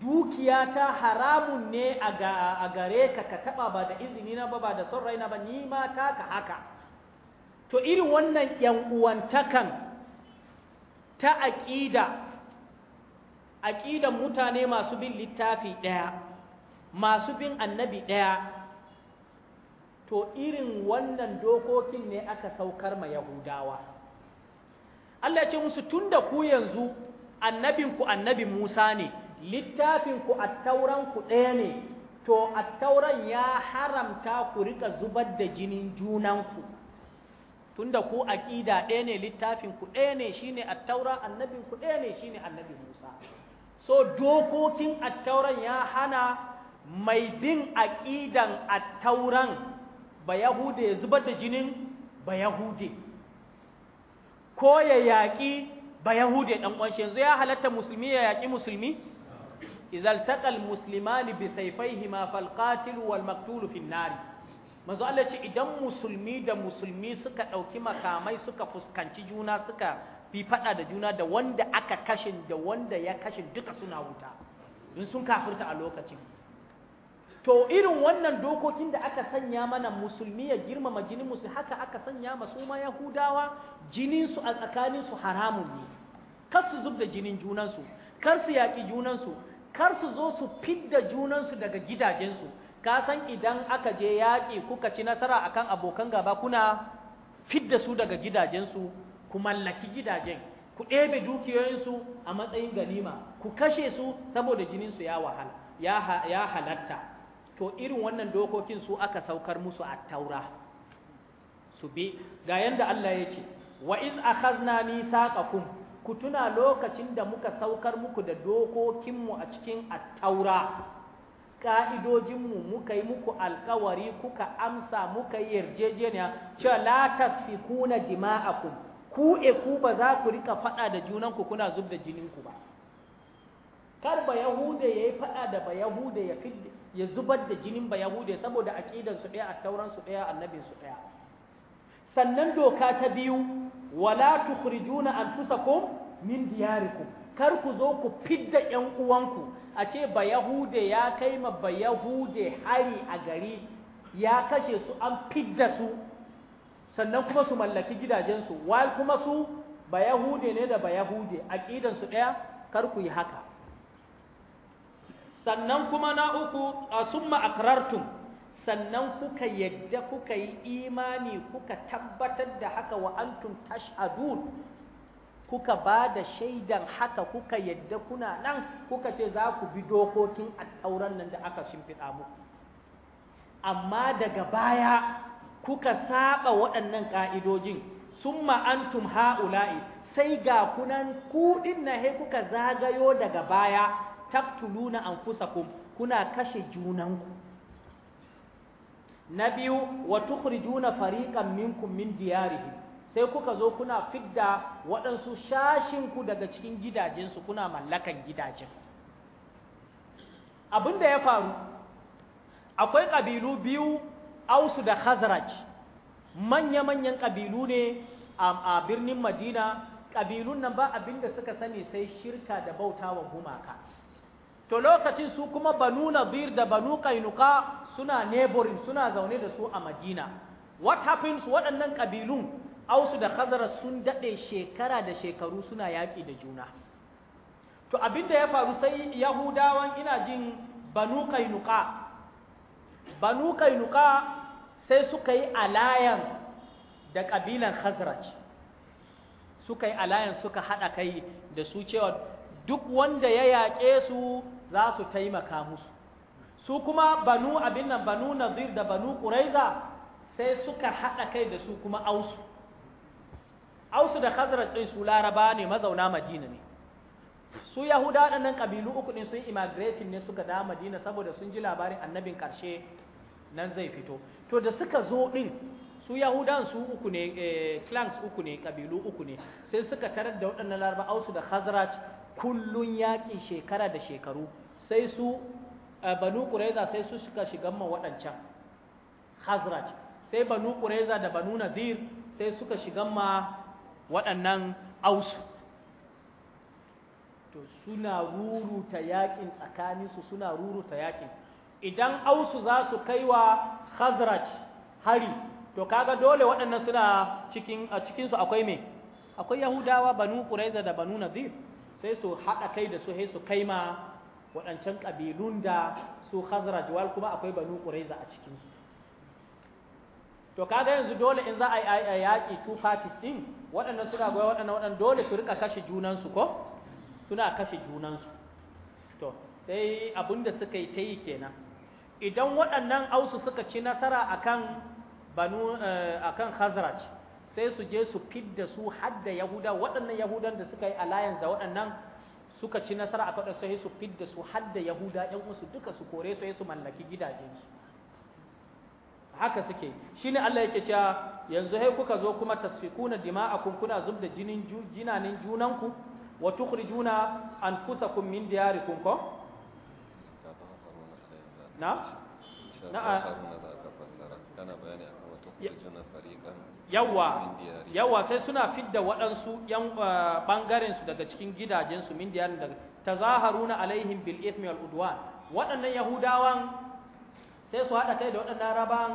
dukiya ta haramun ne a gare ka ka taɓa ba da izini na ba ba da son raina ba ni ma ta haka to irin wannan ‘yan uwantakan ta aƙida aƙidan mutane masu bin littafi ɗaya masu bin annabi ɗaya to irin wannan dokokin ne aka saukar ma yahudawa Allah ce musu tunda ku yanzu annabinku annabi Musa ne littafinku tauranku ɗaya ne to attauran ya haramta ku rika zubar da jinin junanku tunda ku aƙida ɗaya ne littafinku ɗaya ne shine attaura annabinku ɗaya ne shine annabi Musa so dokokin attauran ya hana mai bin aƙidan attauran ba yahude ya zubar da jinin ba yahude ko ya yaƙi ba yahude ɗan yanzu ya halatta musulmi ya yaƙi musulmi izal taqal muslimani bi sayfayhima fal qatil wal maqtul fi Mazu Allah ce idan musulmi da musulmi suka ɗauki makamai suka fuskanci juna suka fi faɗa da juna da wanda aka kashin da wanda ya kashin duka suna wuta don sun kafirta a lokacin to irin wannan dokokin da aka sanya mana musulmi ya girmama jinin musu haka aka sanya masu ma yahudawa jininsu a tsakaninsu haramun ne kar su zub da jinin junansu kar su yaƙi junansu kar su zo su fidda junansu daga gidajensu ka san idan aka je yaƙi kuka ci nasara akan abokan gaba kuna fidda su daga gidajensu ku mallaki gidajen ku ɗebe dukiyoyinsu a matsayin ganima ku kashe su saboda jininsu ya wahala ya halatta to irin wannan dokokin su aka saukar musu a taura su bi ga yanda Allah ya ce wa iz akhadna mithaqakum ku tuna lokacin da muka saukar muku da dokokinmu a cikin attaura ƙa'idojinmu muka yi muku alkawari kuka amsa muka yi yarjejeniya cewa la tasfikuna dima'akum ku e ku ba za ku rika faɗa da junanku kuna zub da jininku ba kar ba yahude ya yi faɗa da ba yahude ya ya zubar da jinin ba yahude saboda aƙidar su ɗaya a tauransu ɗaya annabin su ɗaya sannan doka ta biyu wala tukhrijuna anfusakum min diyarikum kar ku zo ku fidda ƴan uwanku a ce ba yahude ya kai ma ba yahude hari a gari ya kashe su an fidda su sannan kuma su mallaki gidajensu wal kuma su ba yahude ne da ba yahude aqidansu ɗaya kar ku yi haka sannan kuma na uku summa aqrartum sannan kuka yadda kuka yi imani kuka tabbatar da haka wa antum tashhadun kuka ba da shaidan haka kuka yadda kuna nan kuka ce za ku bi dokokin attauran nan da aka shimfiɗa muku amma daga baya kuka saba waɗannan ka'idojin sun ma'antun ha'ula'i sai ga kunan kuɗin na he kuka zagayo daga baya taktuluna anfusakum kuna kashe junanku na biyu wa juna fariƙan minku min diyarihi sai kuka zo kuna fidda waɗansu shashinku daga cikin gidajensu kuna mallakan gidajen abin da ya faru akwai ƙabilu biyu ausu da khazraj manya-manyan ƙabilu ne a birnin madina ƙabilun nan ba abin da suka sani sai shirka da bauta wa gumaka to lokacin su kuma banu nadir da banu kainuka suna neighboring suna zaune da su a madina what happens waɗannan ƙabilun ausu da Khazraj sun daɗe shekara da shekaru suna yaƙi da juna to abin da ya faru sai yahudawan ina jin banu kainuka banu kainuka sai suka yi alliance da ƙabilan khazraj suka yi alliance suka haɗa kai da su cewa duk wanda ya yaƙe su za su taimaka musu su kuma banu abin nan banu nazir da banu ƙuraiza sai suka haɗa kai da su kuma ausu ausu da khazraj ɗin su laraba ne mazauna madina ne su yahuda nan ƙabilu uku ɗin sun immigrating ne suka da madina saboda sun ji labarin annabin karshe. nan zai fito to da suka zo din su yahudan su uku ne eh, clans uku ne kabilu uku ne sai suka tarar da waɗannan laraba ausu da khazraj kullun yaƙi shekara da shekaru sai su eh, banu quraiza sai su suka shiga ma waɗancan khazraj sai banu quraiza da banu nadir sai suka shiga ma waɗannan ausu to suna ruruta yaƙin tsakaninsu suna ruruta yaƙin idan ausu za su kai wa khazraj hari to kaga dole waɗannan suna cikin a cikin su akwai me akwai yahudawa banu quraiza da banu nadir sai su haɗa kai da su sai su kai ma waɗancan ƙabilun da su khazraj wal kuma akwai banu quraiza a cikin su to kaga yanzu dole in za a yi yaƙi two parties din waɗannan suna goya waɗannan waɗannan dole su rika kashe junansu ko suna kashe junansu to sai abinda suka yi ta yi kenan idan waɗannan ausu suka ci nasara akan banu eh, akan khazraj sai su je su fidda su hadda yahuda waɗannan yahudan da suka yi alliance da waɗannan suka ci nasara a kaɗan sai su fidda su hadda yahuda ɗan usu duka su kore su su mallaki gidajensu haka suke shine Allah yake cewa yanzu hai kuka zo kuma tasfikuna dima'akum kuna zubda jinin jinanin junanku wa tukhrijuna anfusakum min diyarikum ko na yawa yawa sai suna fidda waɗansu yan uh, daga cikin gidajen su min ta daga tazaharuna alaihim bil ithmi wal udwan waɗannan yahudawan sai su haɗa kai da waɗannan raban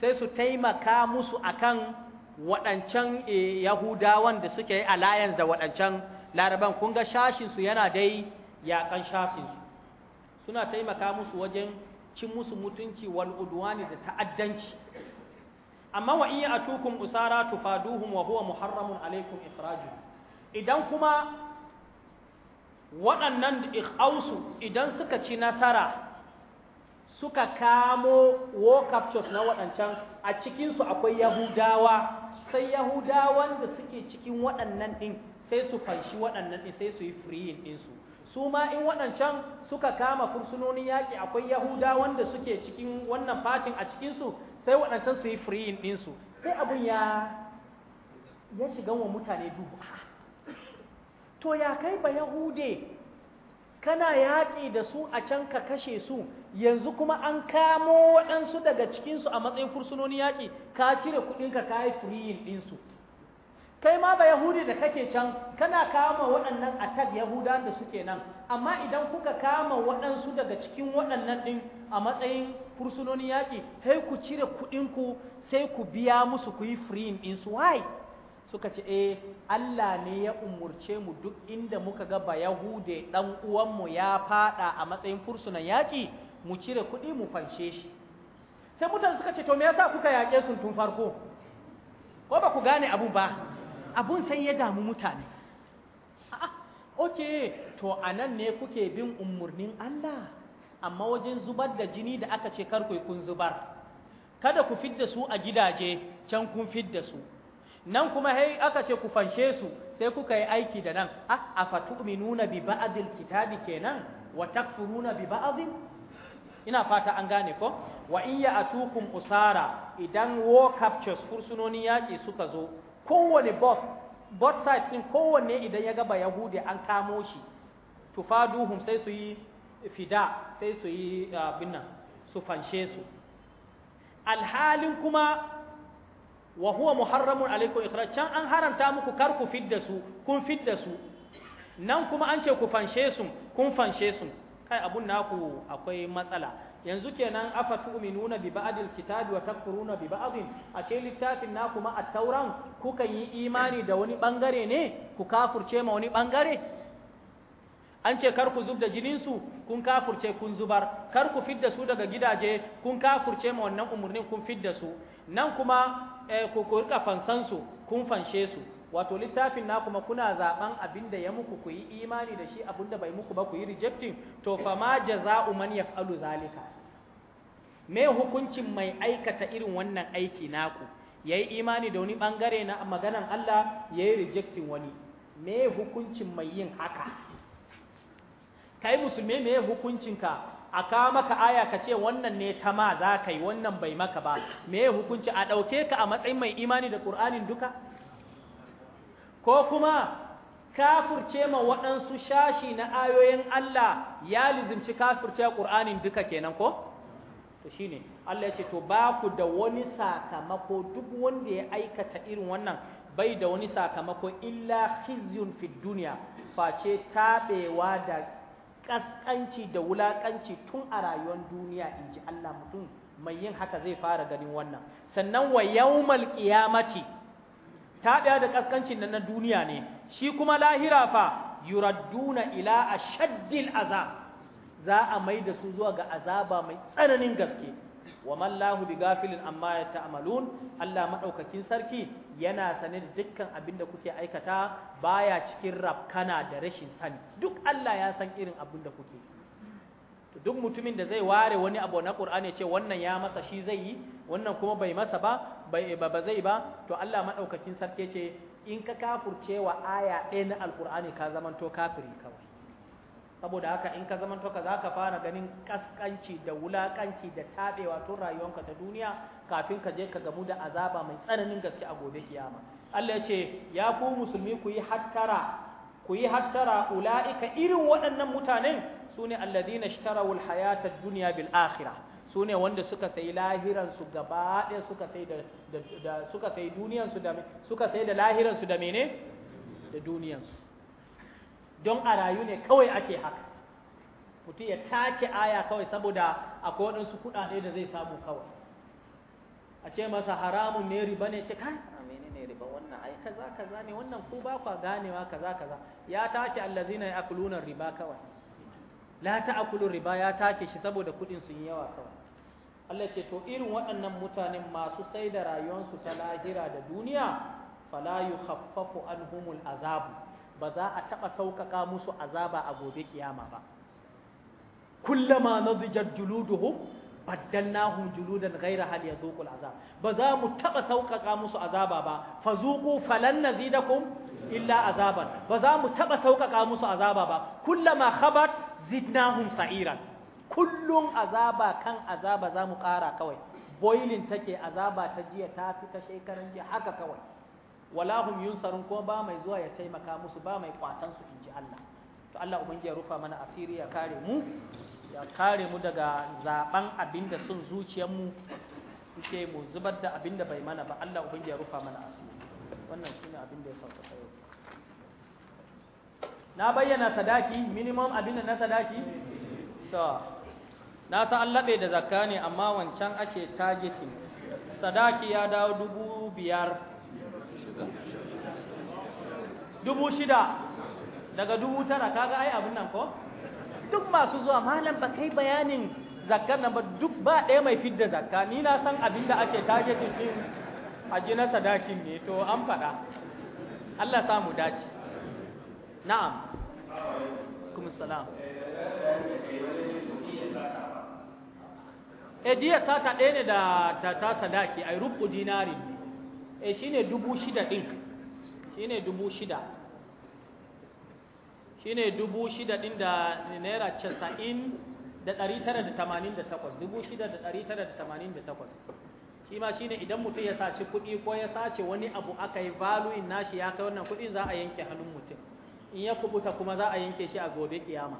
sai su taimaka musu akan waɗancan e, yahudawan da suka yi alliance da waɗancan laraban kunga ga yana dai yaƙan shashinsu suna taimaka musu wajen cin musu mutunci wal udwani da ta'addanci amma wa iya atukum usara tufaduhum wa huwa muharramun alaikum Ifraju? idan kuma waɗannan ikhausu idan suka ci nasara suka kamo war na waɗancan a cikinsu akwai yahudawa sai yahudawan da suke cikin waɗannan ɗin sai su fanshi waɗannan ɗin sai su yi freeing ɗinsu su ma in waɗancan suka kama fursunonin yaƙi akwai yahuda wanda suke cikin wannan fatin a cikinsu sai waɗancan su yi firiyin ɗinsu sai abin ya ya wa mutane duhu to ya kai ba yahude kana yaƙi da su a can ka kashe su yanzu kuma an kamo waɗansu daga cikinsu a matsayin fursunonin yaƙi ka cire kuɗinka ka yi firiyin ɗinsu kai ma ba yahudi da kake can kana kama waɗannan attack yahudan da suke nan amma idan kuka kama waɗansu daga cikin waɗannan ɗin a matsayin fursunonin yaƙi sai ku cire kuɗinku sai ku biya musu ku yi firin in su why suka ce eh Allah ne ya umurce mu duk inda muka ga ba yahude ɗan uwanmu ya faɗa a matsayin fursunan yaƙi mu cire kuɗi mu fanshe shi sai mutane suka ce to me yasa kuka yaƙe sun tun farko ko ba ku gane abu ba abun sai ya damu mutane oke to a nan ne kuke bin umarnin Allah amma wajen zubar da jini da aka ce karkwai kun zubar kada ku fidda su a gidaje can kun fidda su nan kuma hai aka ce ku fanshe su sai kuka yi aiki da nan ah, a nuna bi ba'dil kitabi kenan wa takfuruna bi ba'adil ina fata an gane ko wa in tukun usara idan war captures fursunonin yaki suka zo kowane bot both sides in kowanne idan ya gaba yahudi an kamo shi tufaduhum sai su yi fida sai su yi abin nan su fanshe su alhalin kuma wa huwa muharramun alaikum ikhraj can an haranta muku karku fidda su kun fidda su nan kuma an ce ku fanshe su kun fanshe su kai abun naku akwai matsala yanzu kenan afa tu'minuna bi ba'dil kitabi wa takfuruna bi ba'dhin ashe littafin na kuma at-tauran kuka yi imani da wani bangare ne ku kafurce ma wani bangare an ce kar ku zubda jinin su kun kafurce kun zubar kar ku fidda su daga gidaje kun kafurce ma wannan umurnin kun fidda su nan kuma eh, ku rika fansansu, kun fanshe su wato littafin na kuma kuna zaben abin da ya muku ku yi imani da shi abin da bai muku ba ku yi rejecting to fa ma jaza'u man yaf'alu zalika me hukuncin mai aikata irin wannan aiki naku yayi imani da wani bangare na maganan Allah yayi rejecting wani me hukuncin mai yin haka kai musulmi me ka a ka maka aya ka ce wannan ne ta ma za ka yi wannan bai maka ba me hukunci a ɗauke ka a matsayin mai imani da ƙur'anin duka ko kuma kafurce ma waɗansu shashi na ayoyin Allah ya lizimci kafurce Qur'anin duka kenan ko to ne, Allah ya ce to ba ku da wani sakamako duk wanda ya aikata irin wannan bai da wani sakamako illa khizyun fi duniya face tabewa da kaskanci da wulaƙanci tun a rayuwar duniya in ji Allah mutum mai yin haka zai fara ganin wannan sannan wa yawmal qiyamati tabiya da kaskancin nan na duniya ne shi kuma lahira fa yuradduna ila ashaddil azab za a mai da su zuwa ga azaba mai tsananin gaske wa mallahu bi amma ya ta'malun Allah madaukakin sarki yana sane da dukkan abin da kuke aikata baya cikin rafkana da rashin sani duk Allah ya san irin abin da kuke duk mutumin da zai ware wani abu na Qur'ani ce wannan ya masa shi zai yi wannan kuma bai masa ba bai ba zai ba to Allah madaukakin sarki ce in ka kafurcewa aya ɗaya na alkur'ani ka zamanto kafiri kawai saboda haka in ka zamanto ka zaka fara ganin kaskanci da wulakanci da tabewa tun rayuwanka ta duniya kafin ka je ka gamu da azaba mai tsananin gaske a gobe kiyama Allah ya ce ya ku musulmi ku yi hattara ku yi hattara ula'ika irin waɗannan mutanen Su ne alladhina ishtarawul hayata duniya dunya bil akhirah sune wanda suka sai lahiran su gaba ɗaya suka sai da, da, suka sai duniyan su da suka sai da lahiran su da mene da duniyan su don a rayu ne kawai ake haka mutum ya tace aya kawai saboda akwai waɗansu kuɗaɗe da zai samu kawai a ce masa haramun ne riba ne ce kai riba wannan ai kaza kaza ne wannan ku ba kwa ganewa kaza kaza ya tace allazina yaquluna riba kawai la ta'kulu riba ya take shi saboda kudin sun yawa kawai Allah ce to irin waɗannan mutanen masu sai da rayuwarsu ta lahira da duniya fala yukhaffafu anhumul azabu ba za a taɓa sauƙaƙa musu azaba a gobe kiyama ba kullama nadijat juluduhum baddalnahum juludan ghayra hal yazuqul azab ba za mu taɓa sauƙaƙa musu azaba ba fazuqu falan nazidakum illa azaban ba za mu taɓa sauƙaƙa musu azaba ba kullama khabat zidnahum sa'iran kullum azaba kan azaba za mu ƙara kawai boilin take azaba ta jiya ta fi ta shekaran jiya haka kawai wala hum yunsarun kuma ba mai zuwa ya taimaka musu ba mai kwatan su inji Allah to Allah ubangiji ya rufa mana asiri ya kare mu ya kare mu daga abin abinda sun zuciyar mu kuke mu zubar da abinda bai mana ba Allah ubangiji ya rufa mana asiri wannan shine abinda ya sauka yau. na bayyana sadaki minimum abin da na sadaki to na sa an laɓe da zakka ne amma wancan ake targeting sadaki ya dawo dubu biyar dubu shida daga dubu tara kaga ai abin nan ko duk masu zuwa malam ba kai bayanin zakkar nan ba duk ba ɗaya mai fidda zakka ni na san abin da ake targeting din a na sadakin ne to an faɗa Allah samu dace na'am kuma salam e eh, diya sata ɗaya ne da ta ta sadaki ai rubu dinari e eh, shine dubu shida ɗin shine dubu shida shine dubu shida ɗin da naira casa'in da ɗari tara da tamanin da takwas dubu shida da ɗari tara da tamanin da takwas shi ma shine idan mutum ya sace kuɗi ko ya sace wani abu aka yi valuin nashi ya kai wannan kuɗin za a yanke hannun mutum in ya kubuta kuma za a yanke shi a gobe kiyama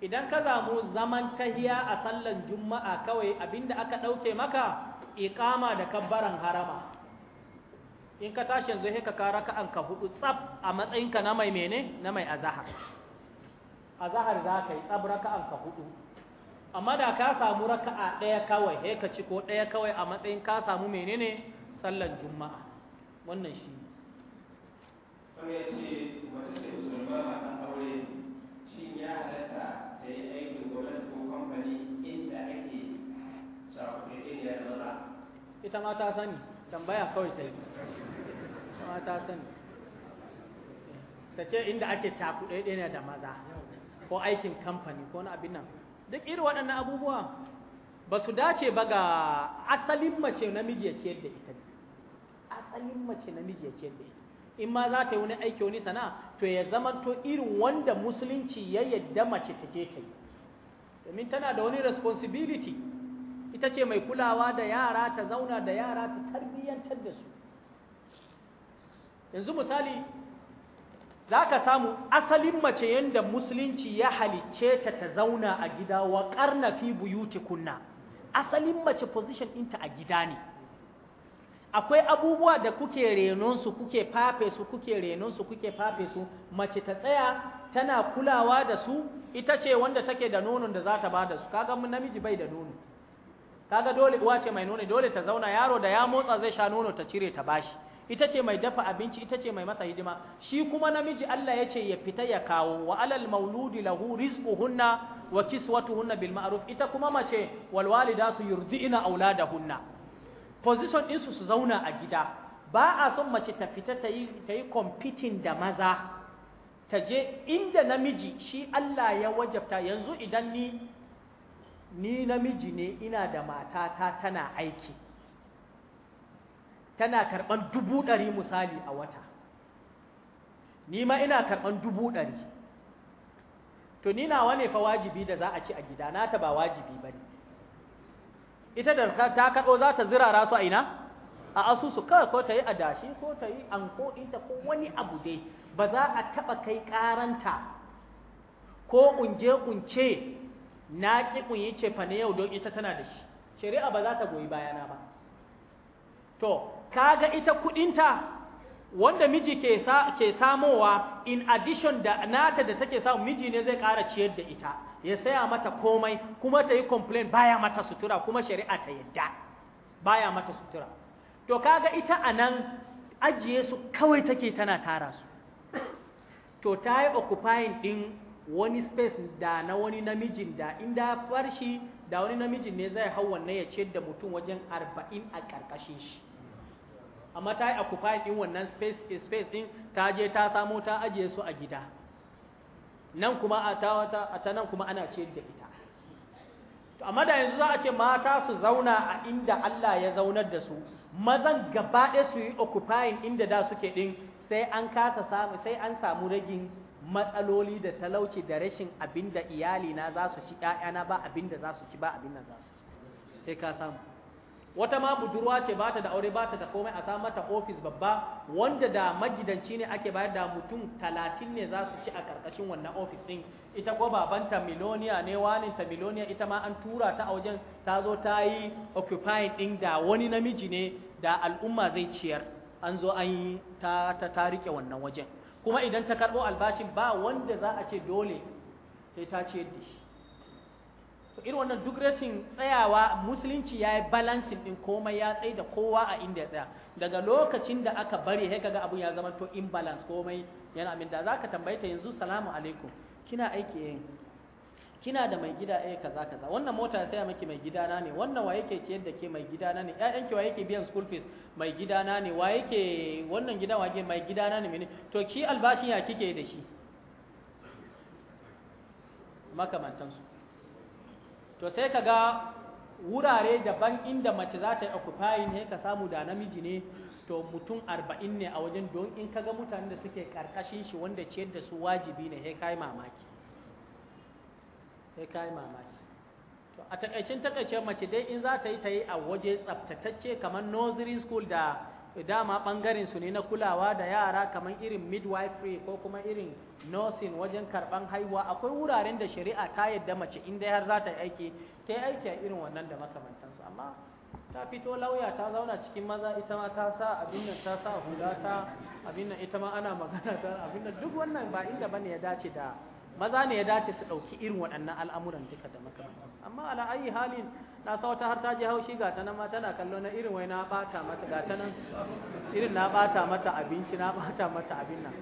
idan ka zamu zaman tahiya a sallan juma'a kawai abinda aka ɗauke maka iƙama da kabbaran harama in ka tashi yanzu sai ka kara ka ka hudu tsab a matsayinka na mai mene na mai azahar azahar za ka yi tsab raka an ka hudu amma da ka samu raka'a ɗaya kawai sai ka ci ko ɗaya kawai a matsayin ka samu menene sallan juma'a wannan shi ne ce ce a ya da yi kamfani inda ake ita ma ta sani tambaya kawai ta yi ita ma ta sani ta ce inda ake cakuɗe ɗaya da maza ko aikin kamfani ko na abin nan duk irin waɗannan abubuwa ba su dace ba ga asalin mace namiji ya ce da ita asalin mace namiji ya ce da ita in ma za ta yi wani aiki wani sana'a to ya zama to irin wanda musulunci ya yadda mace ta je ta yi domin tana da wani responsibility ita ce mai kulawa da yara ta zauna da yara ta tarbiyyantar da su yanzu misali za ka samu asalin mace yadda musulunci ya halicce ta ta zauna a gida wa ƙarna fi buyuti kunna asalin mace position inta a gida ne akwai abubuwa da kuke renonsu kuke fafe su kuke renonsu kuke fafe su mace ta tsaya tana kulawa da su ita ce wanda take da nonon da za ta ba da su kaga namiji bai da nono kaga dole uwa ce mai nono dole ta zauna yaro da ya motsa zai sha nono ta cire ta bashi ita ce mai dafa abinci ita ce mai masa hidima shi kuma namiji Allah ya ce ya fita ya kawo wa alal mauludi lahu rizquhunna wa kiswatuhunna bil ma'ruf ita kuma mace wal walidatu yurdi'na auladahunna position din su su zauna a gida ba a son mace ta fita ta yi ta yi competing da maza ta je inda namiji shi Allah ya wajabta yanzu idan ni ni namiji ne ina da matata tana aiki tana karɓar dubu ɗari misali a wata ni ma ina karɓar dubu ɗari to ni nawa ne fa wajibi da za a ci a gida na ta ba wajibi ba ne ita da ta kaɗo za ta zirara su a ina a asusu kawai ko ta yi adashi ko ta yi ko ɗinta ko wani abu dai ba za a taɓa kai ƙaranta ko ƙunce-ƙunce na ƙi ƙunyi cefa na yau don ita tana da shi shari'a ba za ta goyi bayana ba to kaga ita kudinta wanda miji ke ke samowa in addition da nata da take samu miji ne zai ƙara ciyar da ita ya saya mata komai kuma ta yi complain baya mata sutura kuma shari'a ta yadda baya mata sutura to kaga ita anan ajiye su kawai take tana tara su to ta yi occupying ɗin wani space da na wani namijin da inda farshi da wani namijin ne zai hau wannan ya ciyar da mutum wajen arba'in a ƙarƙashin shi amma ta yi occupy din wannan space space din ta je ta samo ta ajiye su a gida nan kuma a ta wata a ta nan kuma ana ce da ita to amma da yanzu za a ce mata su zauna a inda Allah ya zaunar da su mazan gaba ɗaya su yi occupying inda da suke din sai an kasa samu sai an samu ragin matsaloli da talauci da rashin abinda iyali na za su ci na ba abinda za su ci ba abinda za su sai ka samu wata ma budurwa ce ba ta da aure ba ta da komai a sa mata ofis babba wanda da magidanci ne ake bayar da mutum talatin ne za su ci a karkashin wannan ofis ɗin ita ko babanta miloniya ne ta miloniya ita ma an tura ta a wajen ta zo ta yi occupying ɗin da wani namiji ne da al'umma zai ciyar an zo an yi ta ta ta riƙe wannan wajen kuma idan ta karɓo albashin ba wanda za a ce dole sai ta ciyar da shi so irin wannan duk rashin tsayawa musulunci ya yi balansin ɗin komai ya tsaye da kowa a inda ya tsaya daga lokacin da aka bari sai kaga abun ya zama to imbalance komai yana min da zaka tambaye ta yanzu salamu alaikum kina aiki eh kina da mai gida eh kaza kaza wannan mota ya saya miki mai gida na ne wannan wa yake ciyar da ke mai gida na ne ƴaƴan ki wa yake biyan school fees mai gida na ne wa yake wannan gidan wa yake mai gida na ne mene to ki albashin ya kike da shi makamantansu to sai ka ga wurare daban inda mace za ta yi occupying ne ka samu da namiji ne to mutum arba'in ne a wajen don in ka ga mutane da suke karkashin shi wanda ciyar da su wajibi ne sai kai mamaki sai kai mamaki to a takaicin takaicen mace dai in za ta yi ta yi a waje tsaftatacce kamar nursery school da dama ɓangaren su ne na kulawa da yara kamar irin midwifery ko kuma irin nursing wajen karɓan haihuwa akwai wuraren da shari'a ta yadda mace inda har za ta yi aiki ta yi aiki a irin wannan da makamantansu amma ta fito lauya ta zauna cikin maza ita ma ta sa abin nan ta sa huda ta abin nan ita ma ana magana ta abin nan duk wannan ba inda bane ya dace da maza ne ya dace su ɗauki irin waɗannan al'amuran duka da makamantansu amma ala ayi halin na sa wata har ta ji haushi ga ta nan ma tana kallo na irin wai na bata mata ga ta nan irin na bata mata abinci na bata mata abin nan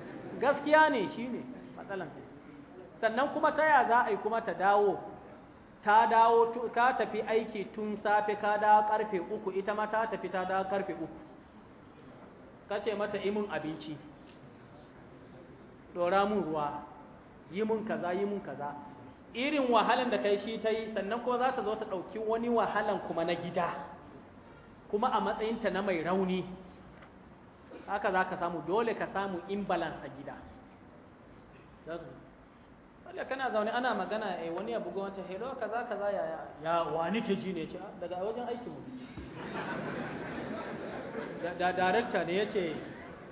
gaskiya ne shine matsalan sannan kuma ta ya za a yi kuma ta dawo ta dawo ka tafi aiki tun safe ka dawo karfe uku ita ma ta tafi ta dawo karfe uku ka ce mata imin abinci dora mun ruwa yi mun kaza yi mun kaza irin wahalan da kai shi ta yi sannan kuma za ta zo ta ɗauki wani wahalan kuma na gida kuma a matsayinta na mai rauni haka za ka samu dole ka samu imbalans a gida wanda kana zaune ana magana a eh, wani ya ga wancan hello kaza kaza ya ya wa ke ji ne ce ah, daga wajen aiki mu da director ne yace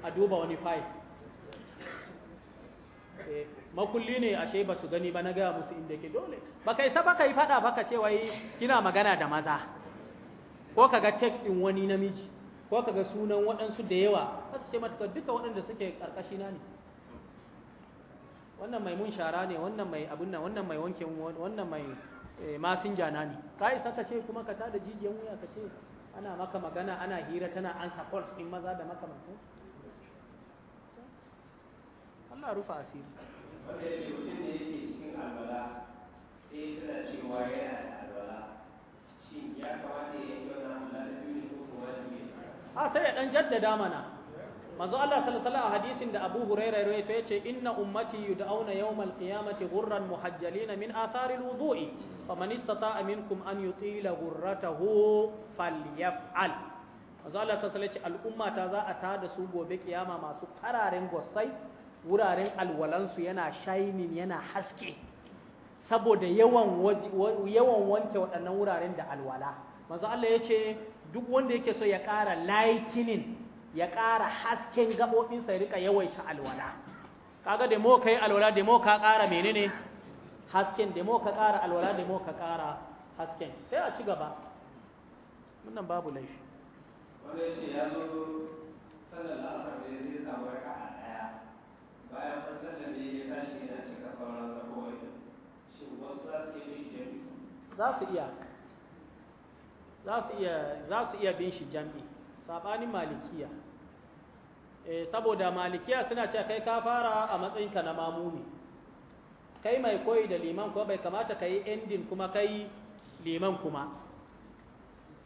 a duba wani file Eh, makulli ne ashe ba su gani ba na gaya musu inda ke dole ba kai sa baka yi fada ka ce wai kina magana da maza ko kaga text din wani namiji ko kaga sunan waɗansu da yawa Ka su ce mata duka waɗanda suke ƙarƙashi na ne wannan mai mun shara ne wannan mai abun nan wannan mai wanke wannan mai eh, masinja na ne ka isa ka ce kuma ka tada jijiyan wuya ka ce ana maka magana ana hira tana ansa calls din maza da makamantansu Allah rufa asiri wanda ah, ya ce mutum da yake cikin albala sai tana cewa yana da albala? shin ya kamata ya yanke wannan alwala da biyu ne ko kuwa wajibi a sai ya dan jaddada mana manzo Allah sallallahu alaihi hadisin da Abu Hurairah ya rawaito yace inna ummati yud'auna yawmal qiyamati ghurran muhajjalina min athari alwudu'i faman istata'a minkum an yutila ghurratahu falyaf'al manzo Allah sallallahu alaihi wasallam yace al'umma ta za a tada su gobe kiyama masu fararen gossai wuraren alwalansu yana shining yana haske saboda yawan yawan wanke waɗannan wuraren da alwala manzo Allah yace duk wanda yake so ya ƙara lightning ya ƙara hasken gaɓoɓinsa ya rika yawaita alwala kaga da mo kai alwala da mo ka ƙara menene hasken da mo ka ƙara alwala da mo ka ƙara hasken sai a ci gaba wannan babu laifi wanda yace ya zo sallar alaihi wasallam ya samu raka'a bayan za su iya bin shi jami'i za sabanin malikiya eh saboda malikiya suna cewa kai ka fara a matsayinka na mamumi kai mai koyi da liman kuma bai kamata ka yi ending kuma kai liman kuma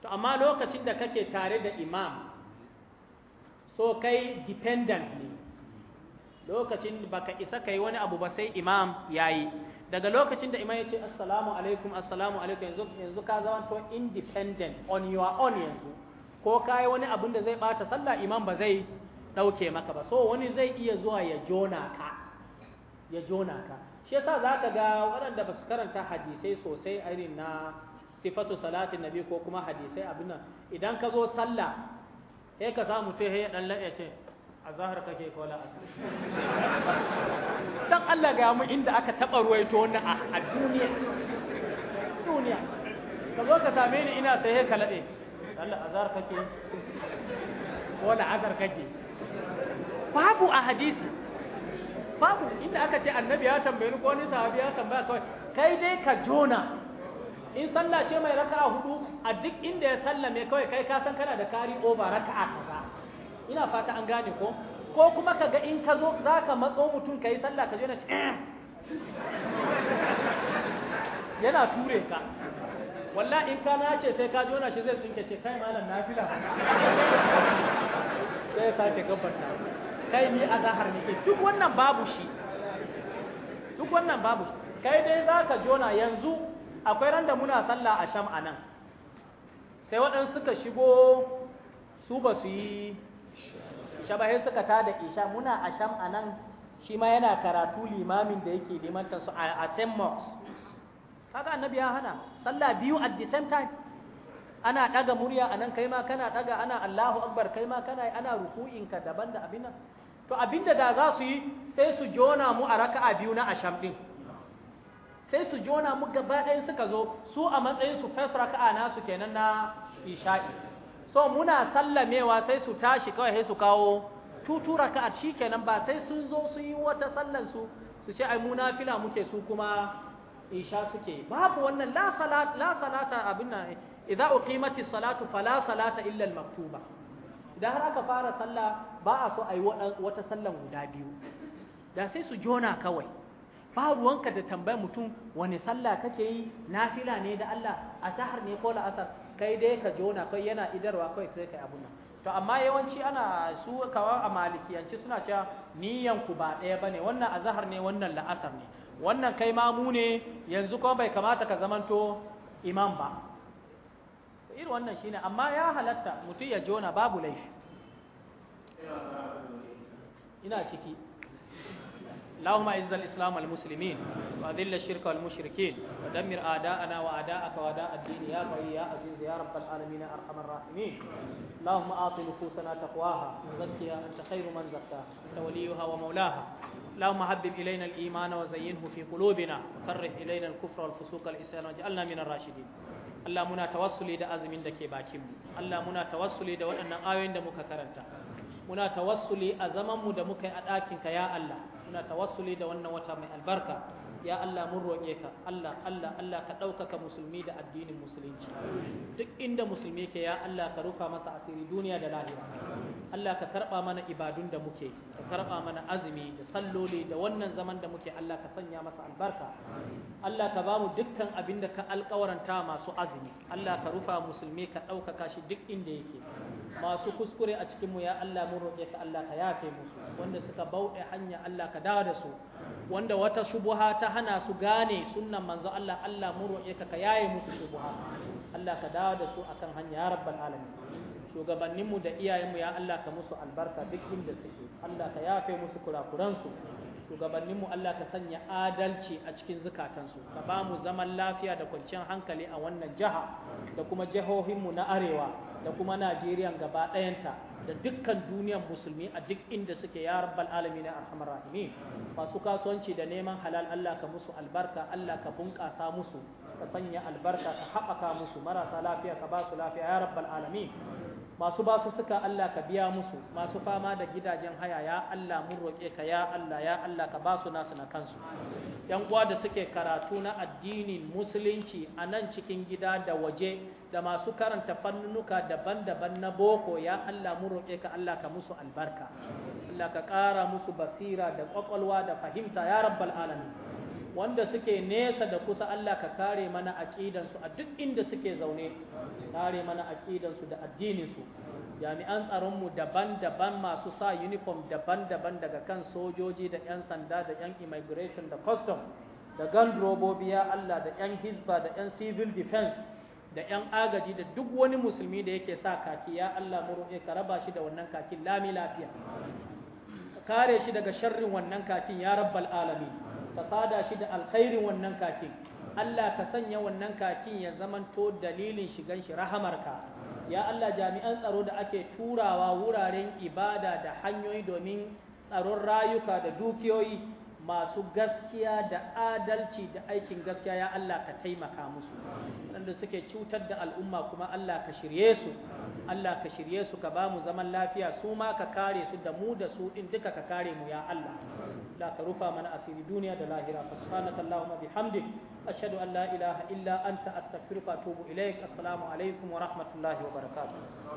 to amma lokacin da kake tare da imam so kai dependent ne lokacin baka isa kai wani abu ba sai imam yayi daga lokacin da imam ya ce assalamu alaikum assalamu alaikum yanzu yanzu ka to independent on your own yanzu ko kai wani abun da zai bata salla imam ba zai dauke maka ba so wani zai iya zuwa ya jona ka ya jona ka shi yasa zaka ga waɗanda ba su karanta hadisai sosai a irin na sifatu salatin nabi ko kuma hadisai abin nan idan ka zo sallah sai ka samu sai ya dan ya ce a zahar kake kola Don Allah ga mu inda aka taba ruwaito wani a duniya duniya ka zo ka same ni ina sai ka lade Allah zahar kake kola zahar kake babu a hadisi babu inda aka ce annabi ya tambaye ni ko ni sahabi ya tambaya kawai kai dai ka jona in sallah ce mai raka'a hudu a duk inda ya sallame kawai kai ka san kana da kari over raka'a kaza ina fata an gane ko ko kuma ka ga in ka zo za ka matso mutum ka yi sallah ka je na yana ture ka walla in ka nace sai ka jona shi zai tsinke ce kai malam nafila sai sake gabata kai ni a zahar nake duk wannan babu shi duk wannan babu kai dai za ka jona yanzu akwai ran da muna sallah a sham anan sai waɗansu suka shigo su ba su yi shabahin suka tada isha muna asham a nan shi ma yana karatu limamin da yake limantar su a St. mosque kaga annabi ya hana sallah biyu at the same time ana daga murya anan kai ma kana daga ana Allahu akbar kai ma kana ana ruku'in ka daban da abin nan to abinda da za su yi sai su jona mu a raka'a biyu na asham din sai su jona mu gaba ɗayan suka zo su a matsayin su first raka'a nasu kenan na isha'i so muna sallamewa sai su tashi kawai sai su kawo tutu cike nan ba sai sun zo su yi wata sallan su su ce ai mu muke su kuma isha suke babu wannan la salat la salata abin nan idza uqimati salatu fala salata illa al idan har aka fara sallah ba a so ai wata sallan guda biyu da sai su jona kawai ba ruwanka da tambayar mutum wani sallah kake yi nafila ne da Allah a tahar ne ko la'asar kai dai ka jona kai yana idarwa kai sai kai abun to amma yawanci ana su kawa a malikiyanci suna cewa niyan ku ba ɗaya bane wannan azhar ne wannan la'asar ne wannan kai mamu ne yanzu kuma bai kamata ka zamanto imam ba irin wannan shine amma ya halatta mutum ya jona babu laifi ina ciki اللهم اعز الاسلام والمسلمين واذل الشرك والمشركين ودمر اعداءنا واعداءك واعداء الدين يا قوي يا عزيز يا رب العالمين ارحم الراحمين اللهم اعط نفوسنا تقواها وزكها انت خير من زكاها انت وليها ومولاها اللهم حبب الينا الايمان وزينه في قلوبنا وكره الينا الكفر والفسوق والعصيان واجعلنا من الراشدين اللهم muna tawassuli da azumin da ke bakinmu, Allah muna tawassuli da اوين ayoyin da muka karanta, muna tawassuli a zamanmu da muka yi a ɗakinka ya Allah, muna tawassuli da wannan wata mai albarka ya Allah mun roƙe ka Allah Allah Allah ka ɗaukaka musulmi da addinin musulunci duk inda musulmi ke ya Allah ka rufa masa asiri duniya da lahira Allah ka karɓa mana ibadun da muke ka karɓa mana azumi da salloli da wannan zaman da muke Allah ka sanya masa albarka Allah ka bamu dukkan abin da ka alƙawaranta masu azumi Allah ka rufa musulmi ka ɗaukaka shi duk inda yake masu kuskure a cikinmu ya Allah mun roƙe ka Allah ka yafe musu wanda suka bauɗe hanya Allah ka dawo da su wanda wata shubuha ta hana su gane sunnan manzo Allah Allah mun roƙe ka ka yaye musu shubuha Allah ka dawo da su akan hanya ya rabbal alamin shugabanninmu da iyayenmu ya Allah ka musu albarka duk inda suke Allah ka yafe musu kurakuransu shugabanninmu Allah ka sanya adalci a cikin zukatansu ka ba mu zaman lafiya da kwanciyar hankali a wannan jiha da kuma jihohinmu na arewa da kuma Najeriya gaba ɗayanta da dukkan duniyar musulmi a duk inda suke ya rabbal na arhamar rahimin masu kasuwanci da neman halal Allah ka musu albarka Allah ka bunƙasa musu ka sanya albarka ka haɓaka musu marasa lafiya ka ba su lafiya ya rabbal alamin masu ba su suka Allah ka biya musu masu fama da gidajen haya ya Allah mun roƙe ka ya Allah ya Allah ka ba su nasu na kansu yan uwa da suke karatu na addinin musulunci a nan cikin gida da waje da masu karanta fannunuka daban-daban na boko ya Allah mun roƙe ka Allah ka musu albarka Allah ka ƙara musu basira da ƙwaƙwalwa da fahimta ya rabbal alamin wanda suke nesa da kusa Allah ka kare mana su a duk inda suke zaune kare mana su da addininsu jami'an tsaronmu daban-daban masu sa uniform daban-daban daga kan sojoji da 'yan sanda da 'yan immigration da custom da gun robobi ya Allah da 'yan hisba da 'yan civil defense da 'yan agaji da duk wani musulmi da yake sa kaki ya Allah muru'e ka raba shi da wannan kakin lami lafiya kare shi daga sharrin wannan kakin ya rabbal alamin ka sada shi da alkhairin wannan kakin Allah ka sanya wannan kakin ya zamanto dalilin shigan shi rahamarka ya Allah jami'an tsaro da ake turawa wuraren ibada da hanyoyi domin tsaron rayuka da dukiyoyi masu gaskiya da adalci da aikin gaskiya ya Allah ka taimaka musu waɗanda suke cutar da al'umma kuma Allah ka shirye su Allah ka shirye su ka bamu zaman lafiya su ma ka kare su da mu da su ɗin duka ka kare mu ya Allah la ka rufa mana asiri duniya da lahira fa subhanaka allahumma bihamdik ashhadu an la ilaha illa anta astaghfiruka wa atubu ilaik assalamu alaikum wa rahmatullahi wa barakatuh